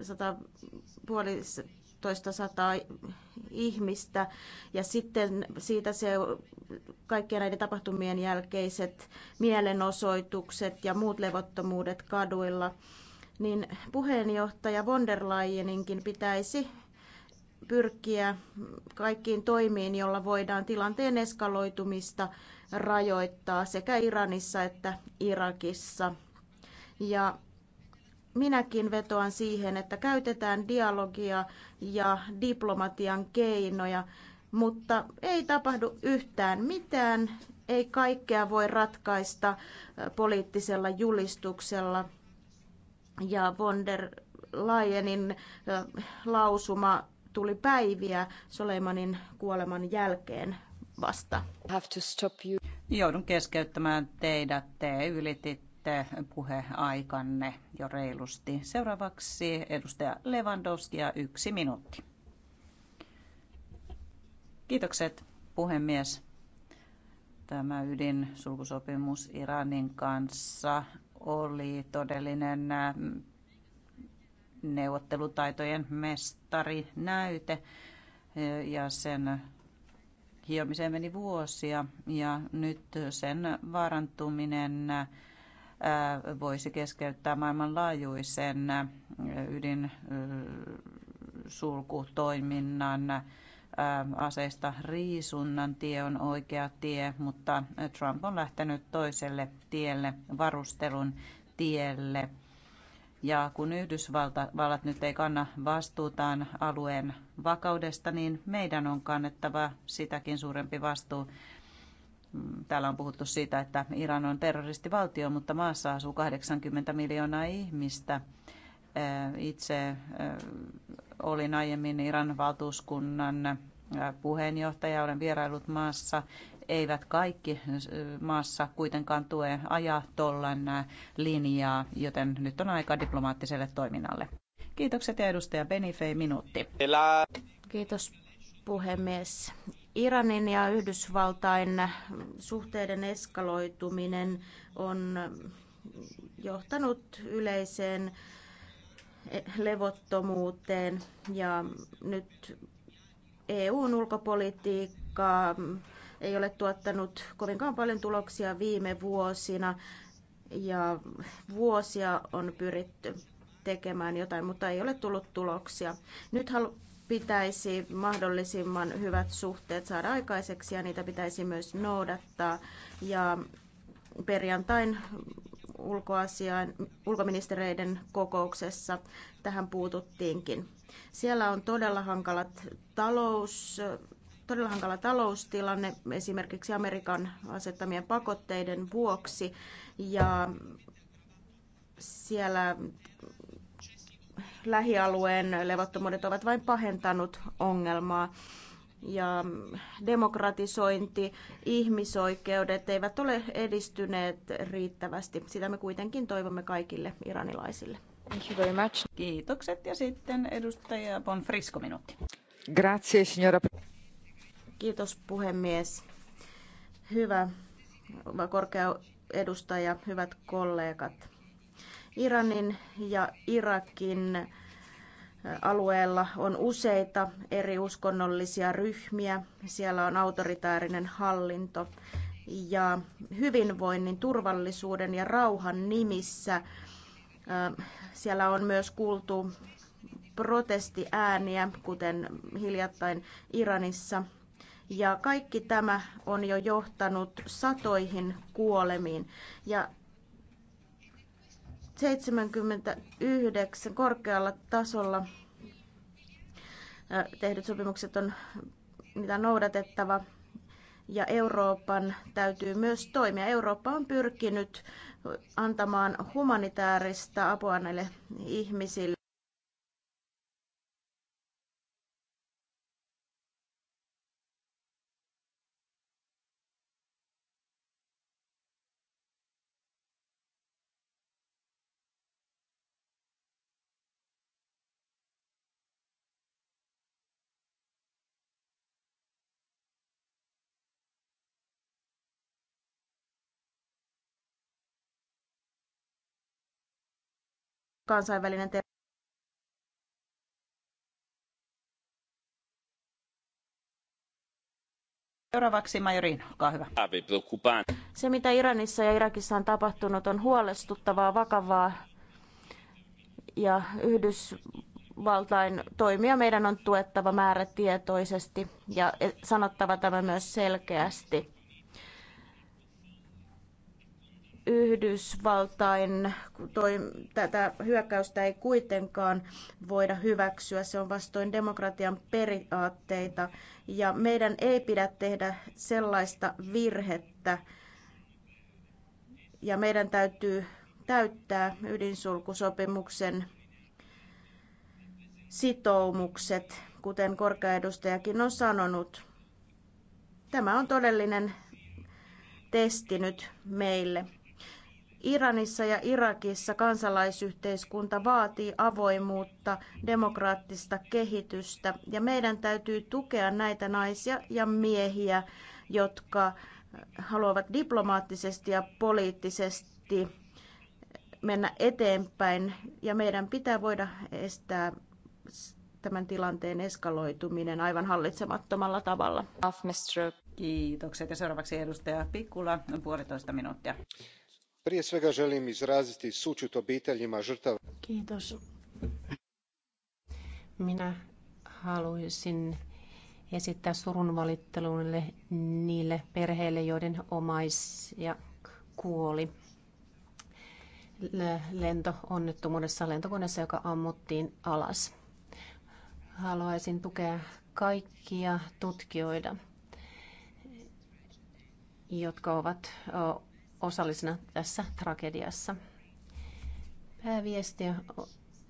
[SPEAKER 6] sata, toista sataa ihmistä ja sitten siitä se kaikkien näiden tapahtumien jälkeiset mielenosoitukset ja muut levottomuudet kaduilla – niin puheenjohtaja von der Leyeninkin pitäisi pyrkiä kaikkiin toimiin, jolla voidaan tilanteen eskaloitumista rajoittaa sekä Iranissa että Irakissa. Ja minäkin vetoan siihen, että käytetään dialogia ja diplomatian keinoja, mutta ei tapahdu yhtään mitään, ei kaikkea voi ratkaista poliittisella julistuksella ja von der Leyenin lausuma tuli päiviä Soleimanin
[SPEAKER 4] kuoleman jälkeen vasta. Have to stop you. Joudun keskeyttämään teidät, te ylititte puheaikanne jo reilusti. Seuraavaksi edustaja Lewandowski ja yksi minuutti. Kiitokset puhemies. Tämä ydinsulkusopimus Iranin kanssa oli todellinen ähm, neuvottelutaitojen mestarinäyte äh, ja sen hiomiseen meni vuosia ja nyt sen vaarantuminen äh, voisi keskeyttää maailmanlaajuisen äh, ydinsulkutoiminnan Ähm, aseista riisunnan tie on oikea tie, mutta äh, Trump on lähtenyt toiselle tielle, varustelun tielle. Ja kun Yhdysvallat nyt ei kanna vastuutaan alueen vakaudesta, niin meidän on kannettava sitäkin suurempi vastuu. Mm, täällä on puhuttu siitä, että Iran on terroristivaltio, mutta maassa asuu 80 miljoonaa ihmistä – Eh, itse eh, olin aiemmin Iran valtuuskunnan eh, puheenjohtaja, olen vierailut maassa. Eivät kaikki maassa kuitenkaan tue ajaa tollan linjaa, joten nyt on aika diplomaattiselle toiminnalle. Kiitokset ja edustaja Benifei minuutti. Kiitos puhemies.
[SPEAKER 6] Iranin ja Yhdysvaltain suhteiden eskaloituminen on johtanut yleiseen levottomuuteen ja nyt EUn ulkopolitiikka ei ole tuottanut kovinkaan paljon tuloksia viime vuosina ja vuosia on pyritty tekemään jotain, mutta ei ole tullut tuloksia. Nyt pitäisi mahdollisimman hyvät suhteet saada aikaiseksi ja niitä pitäisi myös noudattaa. Ja perjantain ulkoasiain, ulkoministereiden kokouksessa tähän puututtiinkin. Siellä on todella, hankalat talous, todella hankala taloustilanne esimerkiksi Amerikan asettamien pakotteiden vuoksi ja siellä lähialueen levottomuudet ovat vain pahentanut ongelmaa ja demokratisointi, ihmisoikeudet eivät ole edistyneet riittävästi. Sitä me kuitenkin toivomme kaikille iranilaisille. Thank you very much.
[SPEAKER 4] Kiitokset ja sitten edustaja Bonfrisco minuutti.
[SPEAKER 3] Grazie, signora.
[SPEAKER 4] Kiitos puhemies. Hyvä korkea
[SPEAKER 6] edustaja, hyvät kollegat. Iranin ja Irakin alueella on useita eri uskonnollisia ryhmiä. Siellä on autoritaarinen hallinto ja hyvinvoinnin, turvallisuuden ja rauhan nimissä. Siellä on myös kuultu protestiääniä, kuten hiljattain Iranissa. Ja kaikki tämä on jo johtanut satoihin kuolemiin. Ja 79 korkealla tasolla tehdyt sopimukset on mitä noudatettava ja Euroopan täytyy myös toimia. Eurooppa on pyrkinyt antamaan humanitaarista apua näille ihmisille. kansainvälinen
[SPEAKER 4] Seuraavaksi Majorin, olkaa hyvä.
[SPEAKER 6] Se, mitä Iranissa ja Irakissa on tapahtunut, on huolestuttavaa, vakavaa ja Yhdysvaltain toimia meidän on tuettava määrätietoisesti ja e- sanottava tämä myös selkeästi. Yhdysvaltain toi, tätä hyökkäystä ei kuitenkaan voida hyväksyä. Se on vastoin demokratian periaatteita ja meidän ei pidä tehdä sellaista virhettä ja meidän täytyy täyttää ydinsulkusopimuksen sitoumukset, kuten korkeaedustajakin on sanonut. Tämä on todellinen testi nyt meille. Iranissa ja Irakissa kansalaisyhteiskunta vaatii avoimuutta, demokraattista kehitystä ja meidän täytyy tukea näitä naisia ja miehiä, jotka haluavat diplomaattisesti ja poliittisesti mennä eteenpäin ja meidän pitää voida estää tämän tilanteen eskaloituminen aivan hallitsemattomalla
[SPEAKER 2] tavalla.
[SPEAKER 4] Kiitokset ja seuraavaksi edustaja Pikkula, puolitoista minuuttia
[SPEAKER 2] prije svega želim izraziti sućut obiteljima žrtava.
[SPEAKER 7] Minä haluaisin esittää niille perheille, joiden omaisia kuoli lentoonnettomuudessa lentokoneessa, joka ammuttiin alas. Haluaisin tukea kaikkia tutkijoita, jotka ovat osallisena tässä tragediassa. Pääviesti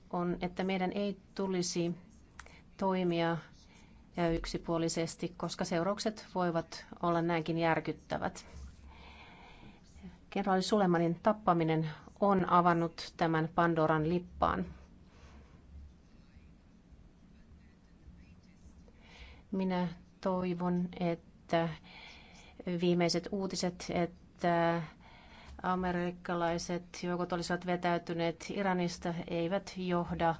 [SPEAKER 7] on, että meidän ei tulisi toimia yksipuolisesti, koska seuraukset voivat olla näinkin järkyttävät. Kenraali Sulemanin tappaminen on avannut tämän Pandoran lippaan. Minä toivon, että viimeiset uutiset, että amerikkalaiset joukot olisivat vetäytyneet Iranista, eivät johda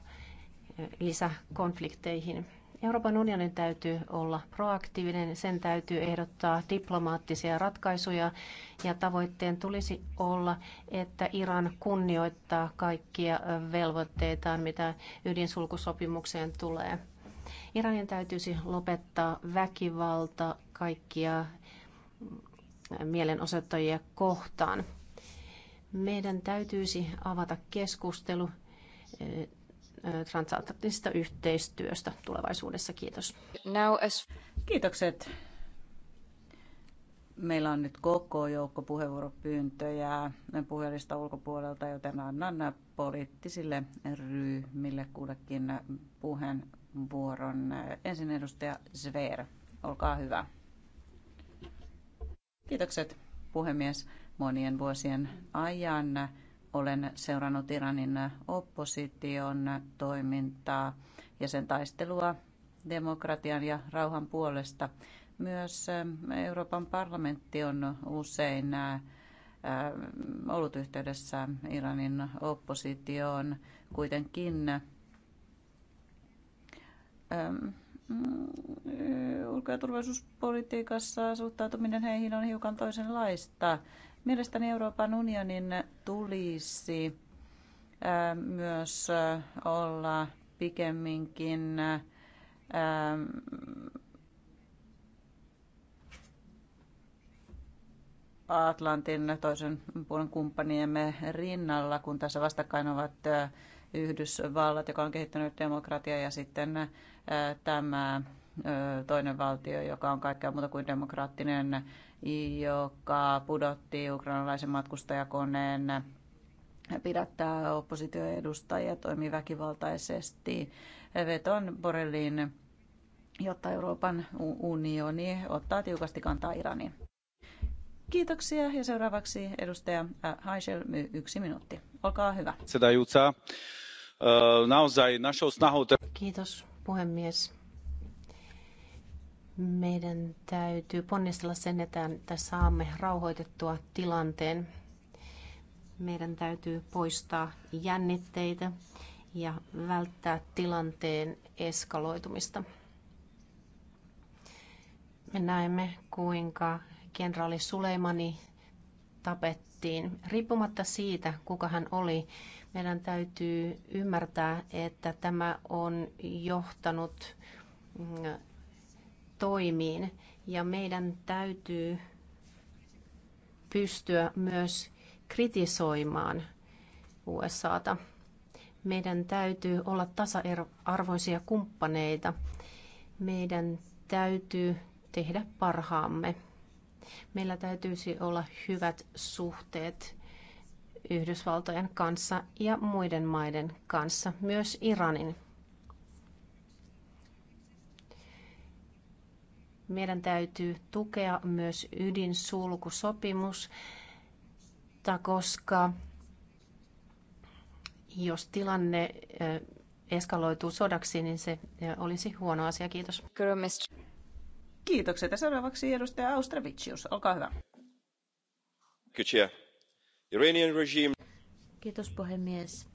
[SPEAKER 7] lisäkonflikteihin. Euroopan unionin täytyy olla proaktiivinen, sen täytyy ehdottaa diplomaattisia ratkaisuja ja tavoitteen tulisi olla, että Iran kunnioittaa kaikkia velvoitteitaan, mitä ydinsulkusopimukseen tulee. Iranin täytyisi lopettaa väkivalta kaikkia mielenosoittajia kohtaan. Meidän täytyisi avata keskustelu eh, eh,
[SPEAKER 4] transatlanttisesta yhteistyöstä tulevaisuudessa. Kiitos. Now as... Kiitokset. Meillä on nyt koko joukko puheenvuoropyyntöjä puhelista ulkopuolelta, joten annan poliittisille ryhmille kullekin puheenvuoron. Ensin edustaja Zver, olkaa hyvä. Kiitokset puhemies monien vuosien ajan olen seurannut Iranin opposition toimintaa ja sen taistelua demokratian ja rauhan puolesta. Myös Euroopan parlamentti on usein ollut yhteydessä Iranin oppositioon kuitenkin ulko- ja turvallisuuspolitiikassa suhtautuminen heihin on hiukan toisenlaista. Mielestäni Euroopan unionin tulisi myös olla pikemminkin Atlantin toisen puolen kumppaniemme rinnalla, kun tässä vastakkain ovat Yhdysvallat, joka on kehittänyt demokratiaa, ja sitten tämä toinen valtio, joka on kaikkea muuta kuin demokraattinen joka pudotti ukrainalaisen matkustajakoneen pidättää oppositioedustajia, toimii väkivaltaisesti. Veton Borellin, jotta Euroopan unioni ottaa tiukasti kantaa Iraniin. Kiitoksia ja seuraavaksi edustaja äh, Haisel, yksi minuutti. Olkaa hyvä. Äh, Kiitos puhemies. Meidän
[SPEAKER 7] täytyy ponnistella sen eteen, että saamme rauhoitettua tilanteen. Meidän täytyy poistaa jännitteitä ja välttää tilanteen eskaloitumista. Me näemme, kuinka kenraali Suleimani tapettiin. Riippumatta siitä, kuka hän oli, meidän täytyy ymmärtää, että tämä on johtanut mm, toimiin ja meidän täytyy pystyä myös kritisoimaan USAta. Meidän täytyy olla tasa-arvoisia kumppaneita. Meidän täytyy tehdä parhaamme. Meillä täytyisi olla hyvät suhteet Yhdysvaltojen kanssa ja muiden maiden kanssa, myös Iranin Meidän täytyy tukea myös ydinsulkusopimusta, koska jos tilanne eskaloituu sodaksi, niin se olisi huono asia. Kiitos. Kiitokset.
[SPEAKER 6] seuraavaksi edustaja Austravicius. Olkaa hyvä. Kiitos puhemies.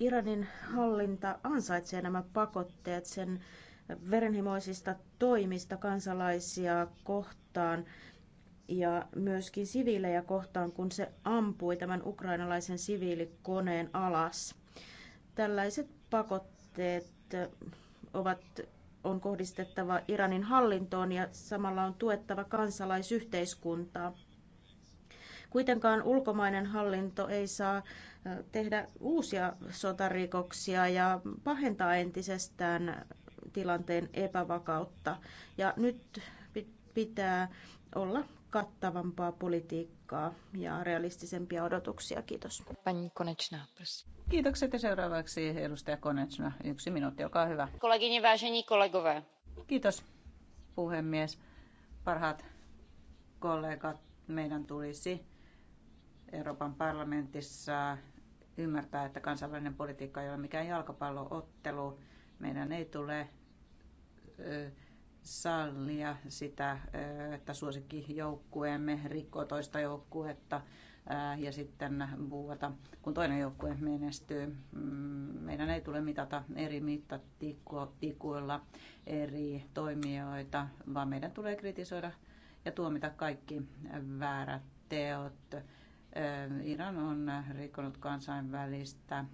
[SPEAKER 6] Iranin hallinta ansaitsee nämä pakotteet. Sen verenhimoisista toimista kansalaisia kohtaan ja myöskin siviilejä kohtaan, kun se ampui tämän ukrainalaisen siviilikoneen alas. Tällaiset pakotteet ovat, on kohdistettava Iranin hallintoon ja samalla on tuettava kansalaisyhteiskuntaa. Kuitenkaan ulkomainen hallinto ei saa tehdä uusia sotarikoksia ja pahentaa entisestään tilanteen epävakautta. Ja nyt pitää olla kattavampaa politiikkaa ja
[SPEAKER 4] realistisempia odotuksia. Kiitos. Kiitokset ja seuraavaksi edustaja Konečna. Yksi minuutti, olkaa hyvä.
[SPEAKER 1] Kollegini, vážení kollegové.
[SPEAKER 4] Kiitos puhemies. Parhaat kollegat, meidän tulisi Euroopan parlamentissa ymmärtää, että kansainvälinen politiikka ei ole mikään jalkapalloottelu. Meidän ei tule sallia sitä, että suosikkijoukkueemme rikkoo toista joukkuetta ja sitten buuata, kun toinen joukkue menestyy. Mm, meidän ei tule mitata eri mittatikuilla eri toimijoita, vaan meidän tulee kritisoida ja tuomita kaikki väärät teot. Iran on rikkonut kansainvälistä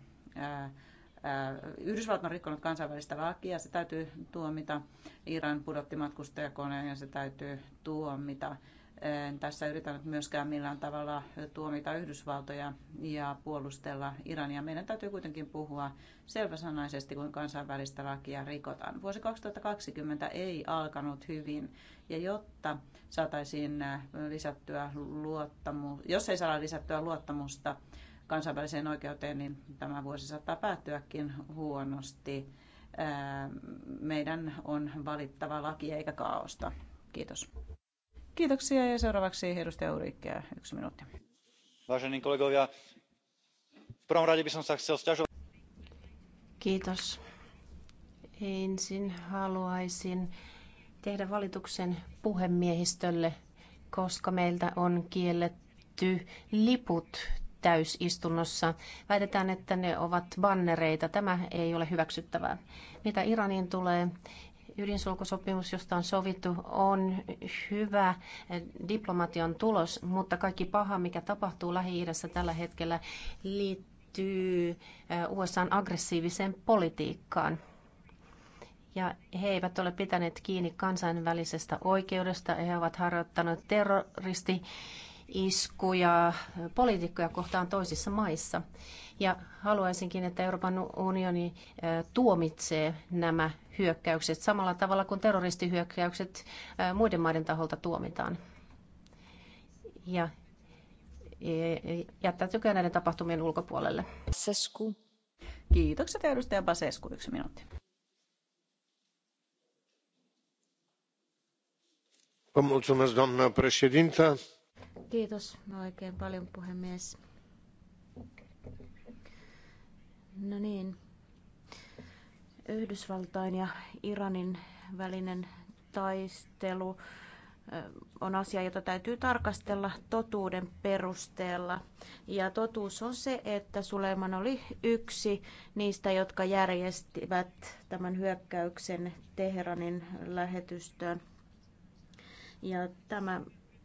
[SPEAKER 4] Yhdysvallat on rikkonut kansainvälistä lakia, se täytyy tuomita. Iran pudotti matkustajakoneen ja se täytyy tuomita. En tässä yritänyt myöskään millään tavalla tuomita Yhdysvaltoja ja puolustella Irania. Meidän täytyy kuitenkin puhua selväsanaisesti, kun kansainvälistä lakia rikotaan. Vuosi 2020 ei alkanut hyvin, ja jotta saataisiin lisättyä luottamusta, jos ei saada lisättyä luottamusta kansainväliseen oikeuteen, niin tämä vuosi saattaa päättyäkin huonosti. Meidän on valittava laki eikä kaaosta. Kiitos. Kiitoksia ja seuraavaksi edustaja Urikkiä. Yksi minuutti.
[SPEAKER 3] Vážení kollegovia, v prvom rade by som sa chcel sťažovať.
[SPEAKER 7] Kiitos. Ensin haluaisin tehdä valituksen puhemiehistölle, koska meiltä on kielletty liput täysistunnossa. Väitetään, että ne ovat bannereita. Tämä ei ole hyväksyttävää. Mitä Iraniin tulee, ydinsulkusopimus, josta on sovittu, on hyvä eh, diplomatian tulos, mutta kaikki paha, mikä tapahtuu Lähi-idässä tällä hetkellä, liittyy eh, USAn aggressiiviseen politiikkaan ja he eivät ole pitäneet kiinni kansainvälisestä oikeudesta. He ovat harjoittaneet terroristi iskuja poliitikkoja kohtaan toisissa maissa. Ja haluaisinkin, että Euroopan unioni tuomitsee nämä hyökkäykset samalla tavalla kuin terroristihyökkäykset muiden maiden taholta tuomitaan. Ja e, tykää näiden tapahtumien ulkopuolelle. Sesku. Kiitokset edustaja
[SPEAKER 6] Basescu, yksi minuutti.
[SPEAKER 2] doamnă președintă
[SPEAKER 6] Kiitos oikein paljon puhemies. No niin. Yhdysvaltain ja Iranin välinen taistelu on asia, jota täytyy tarkastella totuuden perusteella. Ja totuus on se, että Suleiman oli yksi niistä, jotka järjestivät tämän hyökkäyksen Teheranin lähetystöön. Ja tämä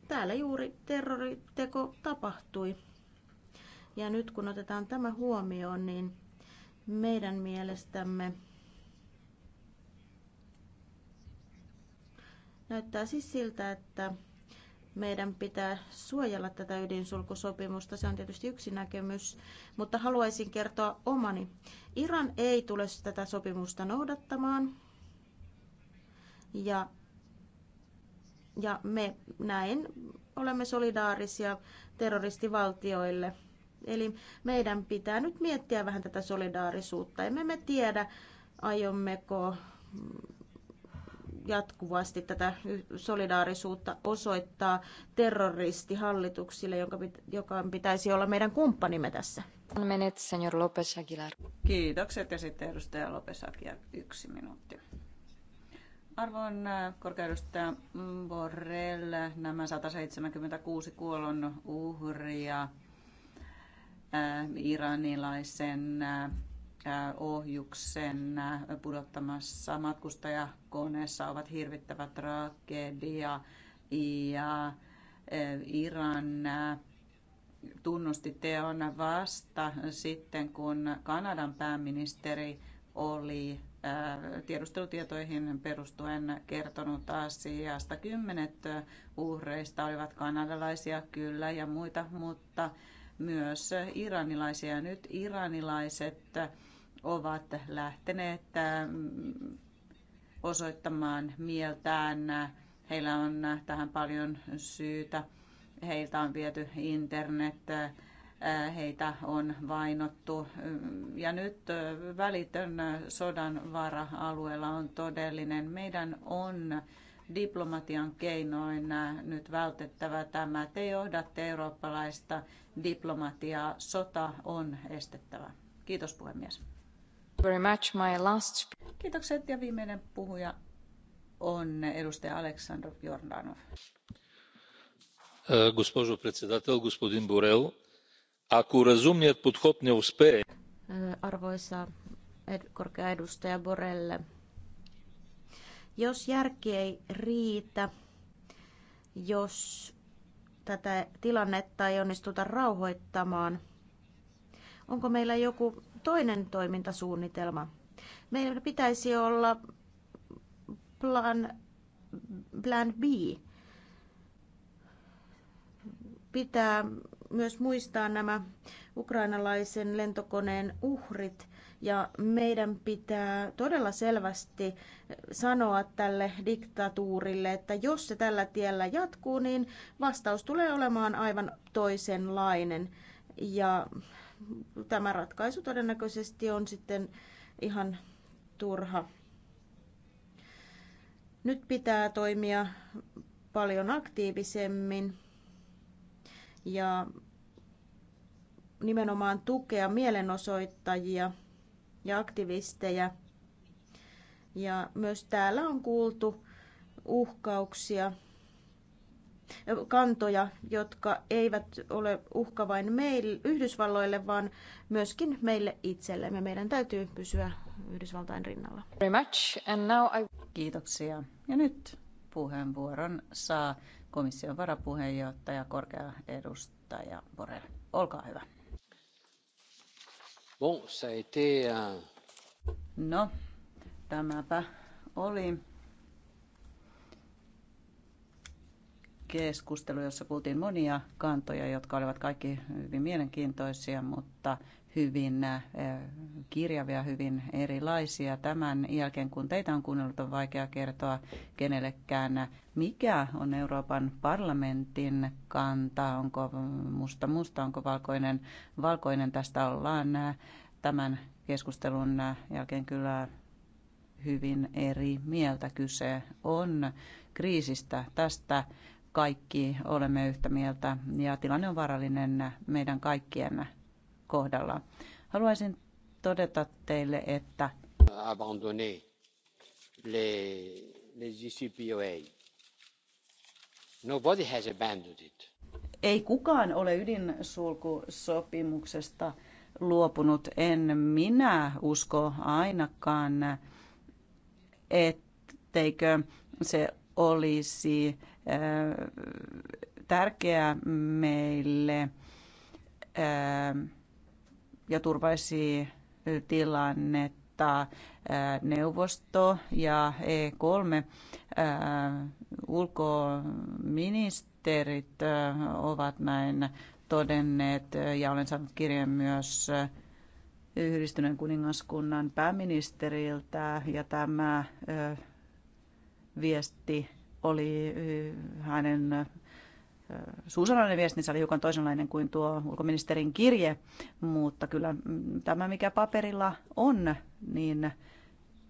[SPEAKER 6] täällä juuri terroriteko tapahtui. Ja nyt kun otetaan tämä huomioon, niin meidän mielestämme näyttää siis siltä, että meidän pitää suojella tätä ydinsulkusopimusta. Se on tietysti yksi näkemys, mutta haluaisin kertoa omani. Iran ei tule tätä sopimusta noudattamaan ja ja me näin olemme solidaarisia terroristivaltioille. Eli meidän pitää nyt miettiä vähän tätä solidaarisuutta. Emme me tiedä, aiommeko jatkuvasti tätä solidaarisuutta osoittaa terroristihallituksille, jonka, joka pitäisi olla meidän kumppanimme tässä. Menet, señor Lopez Aguilar.
[SPEAKER 4] Kiitokset ja sitten edustaja Lopez Aguilar, yksi minuutti. Arvon äh, korkeudustaja Borrell, nämä 176 kuollon uhria äh, iranilaisen äh, ohjuksen pudottamassa matkustajakoneessa ovat hirvittävä tragedia ja Iran tunnusti teon vasta sitten, kun Kanadan pääministeri oli tiedustelutietoihin perustuen kertonut asiasta. Kymmenet uhreista olivat kanadalaisia kyllä ja muita, mutta myös iranilaisia. Nyt iranilaiset ovat lähteneet osoittamaan mieltään. Heillä on tähän paljon syytä. Heiltä on viety internet Äh, heitä on vainottu. Äh, ja nyt äh, välitön sodan vara alueella on todellinen. Meidän on diplomatian keinoin nyt vältettävä tämä. Te johdatte eurooppalaista diplomatiaa. Sota on estettävä. Kiitos puhemies. Very much my last... Kiitokset ja viimeinen puhuja on edustaja Aleksandr Jordanov.
[SPEAKER 2] Госпожо председател, господин Борел, Ако разумният подход не
[SPEAKER 6] Arvoisa korkea edustaja Borelle, jos järki ei riitä, jos tätä tilannetta ei onnistuta rauhoittamaan, onko meillä joku toinen toimintasuunnitelma? Meillä pitäisi olla plan, plan B. Pitää myös muistaa nämä ukrainalaisen lentokoneen uhrit ja meidän pitää todella selvästi sanoa tälle diktatuurille, että jos se tällä tiellä jatkuu, niin vastaus tulee olemaan aivan toisenlainen. Ja tämä ratkaisu todennäköisesti on sitten ihan turha. Nyt pitää toimia paljon aktiivisemmin ja nimenomaan tukea mielenosoittajia ja aktivisteja. Ja myös täällä on kuultu uhkauksia, kantoja, jotka eivät ole uhka vain meille, Yhdysvalloille, vaan myöskin meille itsellemme. Meidän täytyy pysyä
[SPEAKER 4] Yhdysvaltain rinnalla. Very much. And now I... Kiitoksia. Ja nyt puheenvuoron saa komission varapuheenjohtaja, korkea edustaja Borrell. Olkaa hyvä.
[SPEAKER 2] Bon, ça a été un...
[SPEAKER 4] Euh, no, tämäpä oli keskustelu, jossa kuultiin monia kantoja, jotka olivat kaikki hyvin mielenkiintoisia, mutta hyvin eh, kirjavia, hyvin erilaisia. Tämän jälkeen, kun teitä on kuunnellut, on vaikea kertoa kenellekään, mikä on Euroopan parlamentin kanta, onko musta musta, onko valkoinen valkoinen. Tästä ollaan tämän keskustelun jälkeen kyllä hyvin eri mieltä. Kyse on kriisistä. Tästä kaikki olemme yhtä mieltä ja tilanne on varallinen meidän kaikkien kohdalla. Haluaisin todeta teille, että
[SPEAKER 2] abandonner les, les Nobody has abandoned it.
[SPEAKER 4] Ei kukaan ole ydinsulkusopimuksesta luopunut. En minä usko ainakaan, etteikö se olisi äh, tärkeää meille. Äh, ja turvaisi tilannetta neuvosto ja E3 ulkoministerit ovat näin todenneet ja olen saanut kirjeen myös yhdistyneen kuningaskunnan pääministeriltä ja tämä viesti oli hänen niin se oli hiukan toisenlainen kuin tuo ulkoministerin kirje, mutta kyllä tämä, mikä paperilla on, niin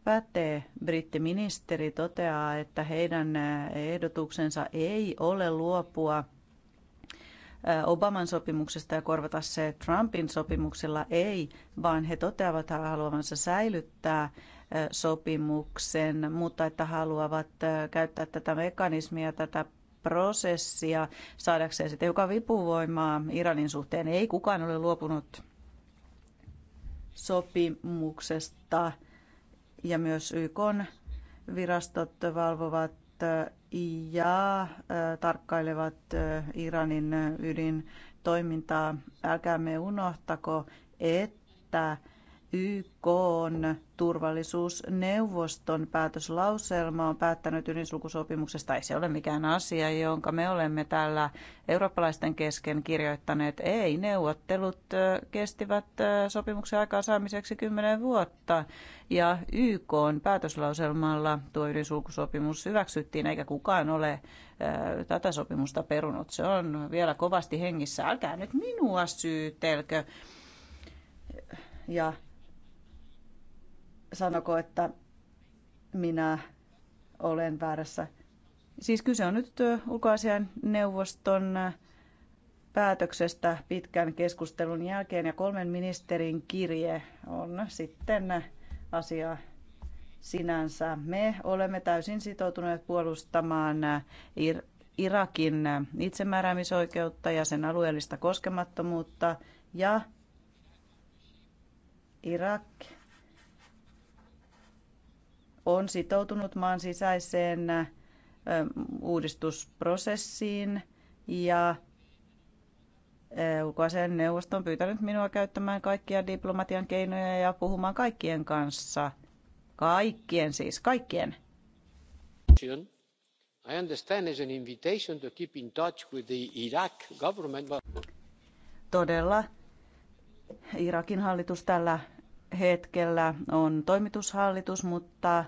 [SPEAKER 4] pätee. Brittiministeri toteaa, että heidän ehdotuksensa ei ole luopua Obaman sopimuksesta ja korvata se Trumpin sopimuksella ei, vaan he toteavat haluavansa säilyttää sopimuksen, mutta että haluavat käyttää tätä mekanismia, tätä prosessia saadakseen sitten joka vipuvoimaa Iranin suhteen. Ei kukaan ole luopunut sopimuksesta ja myös YK virastot valvovat äh, ja äh, tarkkailevat äh, Iranin ydin toimintaa. Älkäämme unohtako, että YK on turvallisuusneuvoston päätöslauselma on päättänyt ydinsulkusopimuksesta. Ei se ole mikään asia, jonka me olemme täällä eurooppalaisten kesken kirjoittaneet. Ei, neuvottelut kestivät sopimuksen aikaansaamiseksi kymmenen vuotta. Ja YK on päätöslauselmalla tuo ydinsulkusopimus hyväksyttiin, eikä kukaan ole tätä sopimusta perunut. Se on vielä kovasti hengissä. Älkää nyt minua syytelkö. Ja sanoko, että minä olen väärässä. Siis kyse on nyt ulkoasian neuvoston päätöksestä pitkän keskustelun jälkeen ja kolmen ministerin kirje on sitten asia sinänsä. Me olemme täysin sitoutuneet puolustamaan Irakin itsemääräämisoikeutta ja sen alueellista koskemattomuutta ja Irak on sitoutunut maan sisäiseen uudistusprosessiin ja ulkoasian neuvosto on pyytänyt minua käyttämään kaikkia diplomatian keinoja ja puhumaan kaikkien kanssa. Kaikkien siis, kaikkien.
[SPEAKER 2] I understand an invitation to keep in touch with the Iraq government.
[SPEAKER 4] Todella. Irakin hallitus tällä hetkellä on toimitushallitus, mutta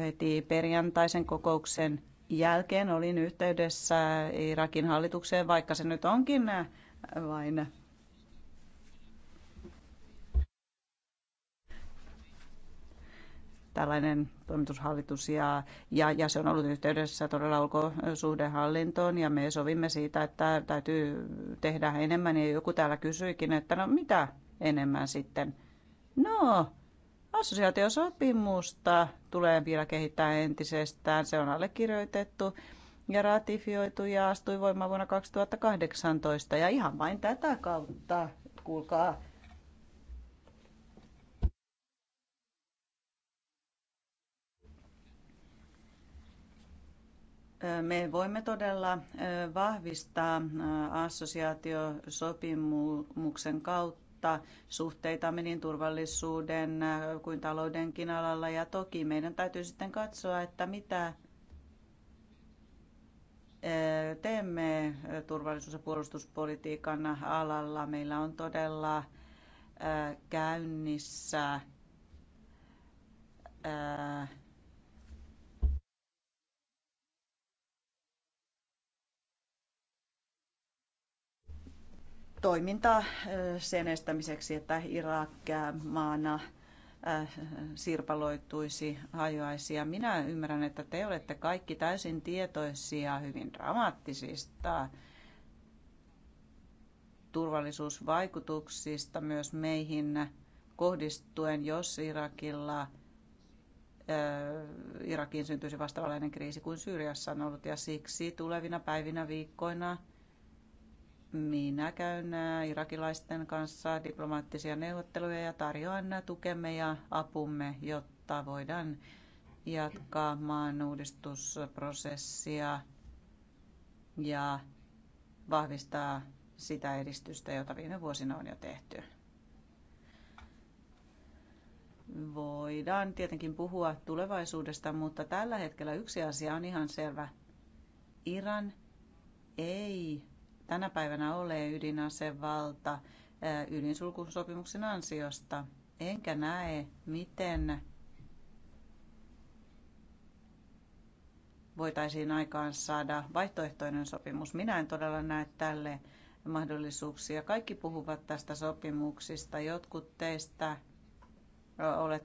[SPEAKER 4] heti perjantaisen kokouksen jälkeen olin yhteydessä Irakin hallitukseen, vaikka se nyt onkin vain tällainen toimitushallitus ja, ja, ja se on ollut yhteydessä todella ulkosuhdehallintoon ja me sovimme siitä, että täytyy tehdä enemmän ja joku täällä kysyikin, että no mitä enemmän sitten? No, Assosiaatiosopimusta tulee vielä kehittää entisestään. Se on allekirjoitettu ja ratifioitu ja astui voimaan vuonna 2018. Ja ihan vain tätä kautta, kuulkaa, Me voimme todella vahvistaa assosiaatiosopimuksen kautta muuttaa suhteitamme niin turvallisuuden äh, kuin taloudenkin alalla. Ja toki meidän täytyy sitten katsoa, että mitä äh, teemme äh, turvallisuus- ja puolustuspolitiikan alalla. Meillä on todella käynnissä toimintaa sen estämiseksi, että Irak maana sirpaloituisi, hajoaisi. Ja minä ymmärrän, että te olette kaikki täysin tietoisia hyvin dramaattisista turvallisuusvaikutuksista myös meihin kohdistuen, jos Irakilla Irakiin syntyisi vastaavanlainen kriisi kuin Syyriassa on ollut. Ja siksi tulevina päivinä, viikkoina – minä käyn äh, irakilaisten kanssa diplomaattisia neuvotteluja ja tarjoan tukemme ja apumme, jotta voidaan jatkaa maan uudistusprosessia ja vahvistaa sitä edistystä, jota viime vuosina on jo tehty. Voidaan tietenkin puhua tulevaisuudesta, mutta tällä hetkellä yksi asia on ihan selvä. Iran ei tänä päivänä ole ydinasevalta ydinsulkusopimuksen ansiosta. Enkä näe, miten voitaisiin aikaan saada vaihtoehtoinen sopimus. Minä en todella näe tälle mahdollisuuksia. Kaikki puhuvat tästä sopimuksista. Jotkut teistä olet,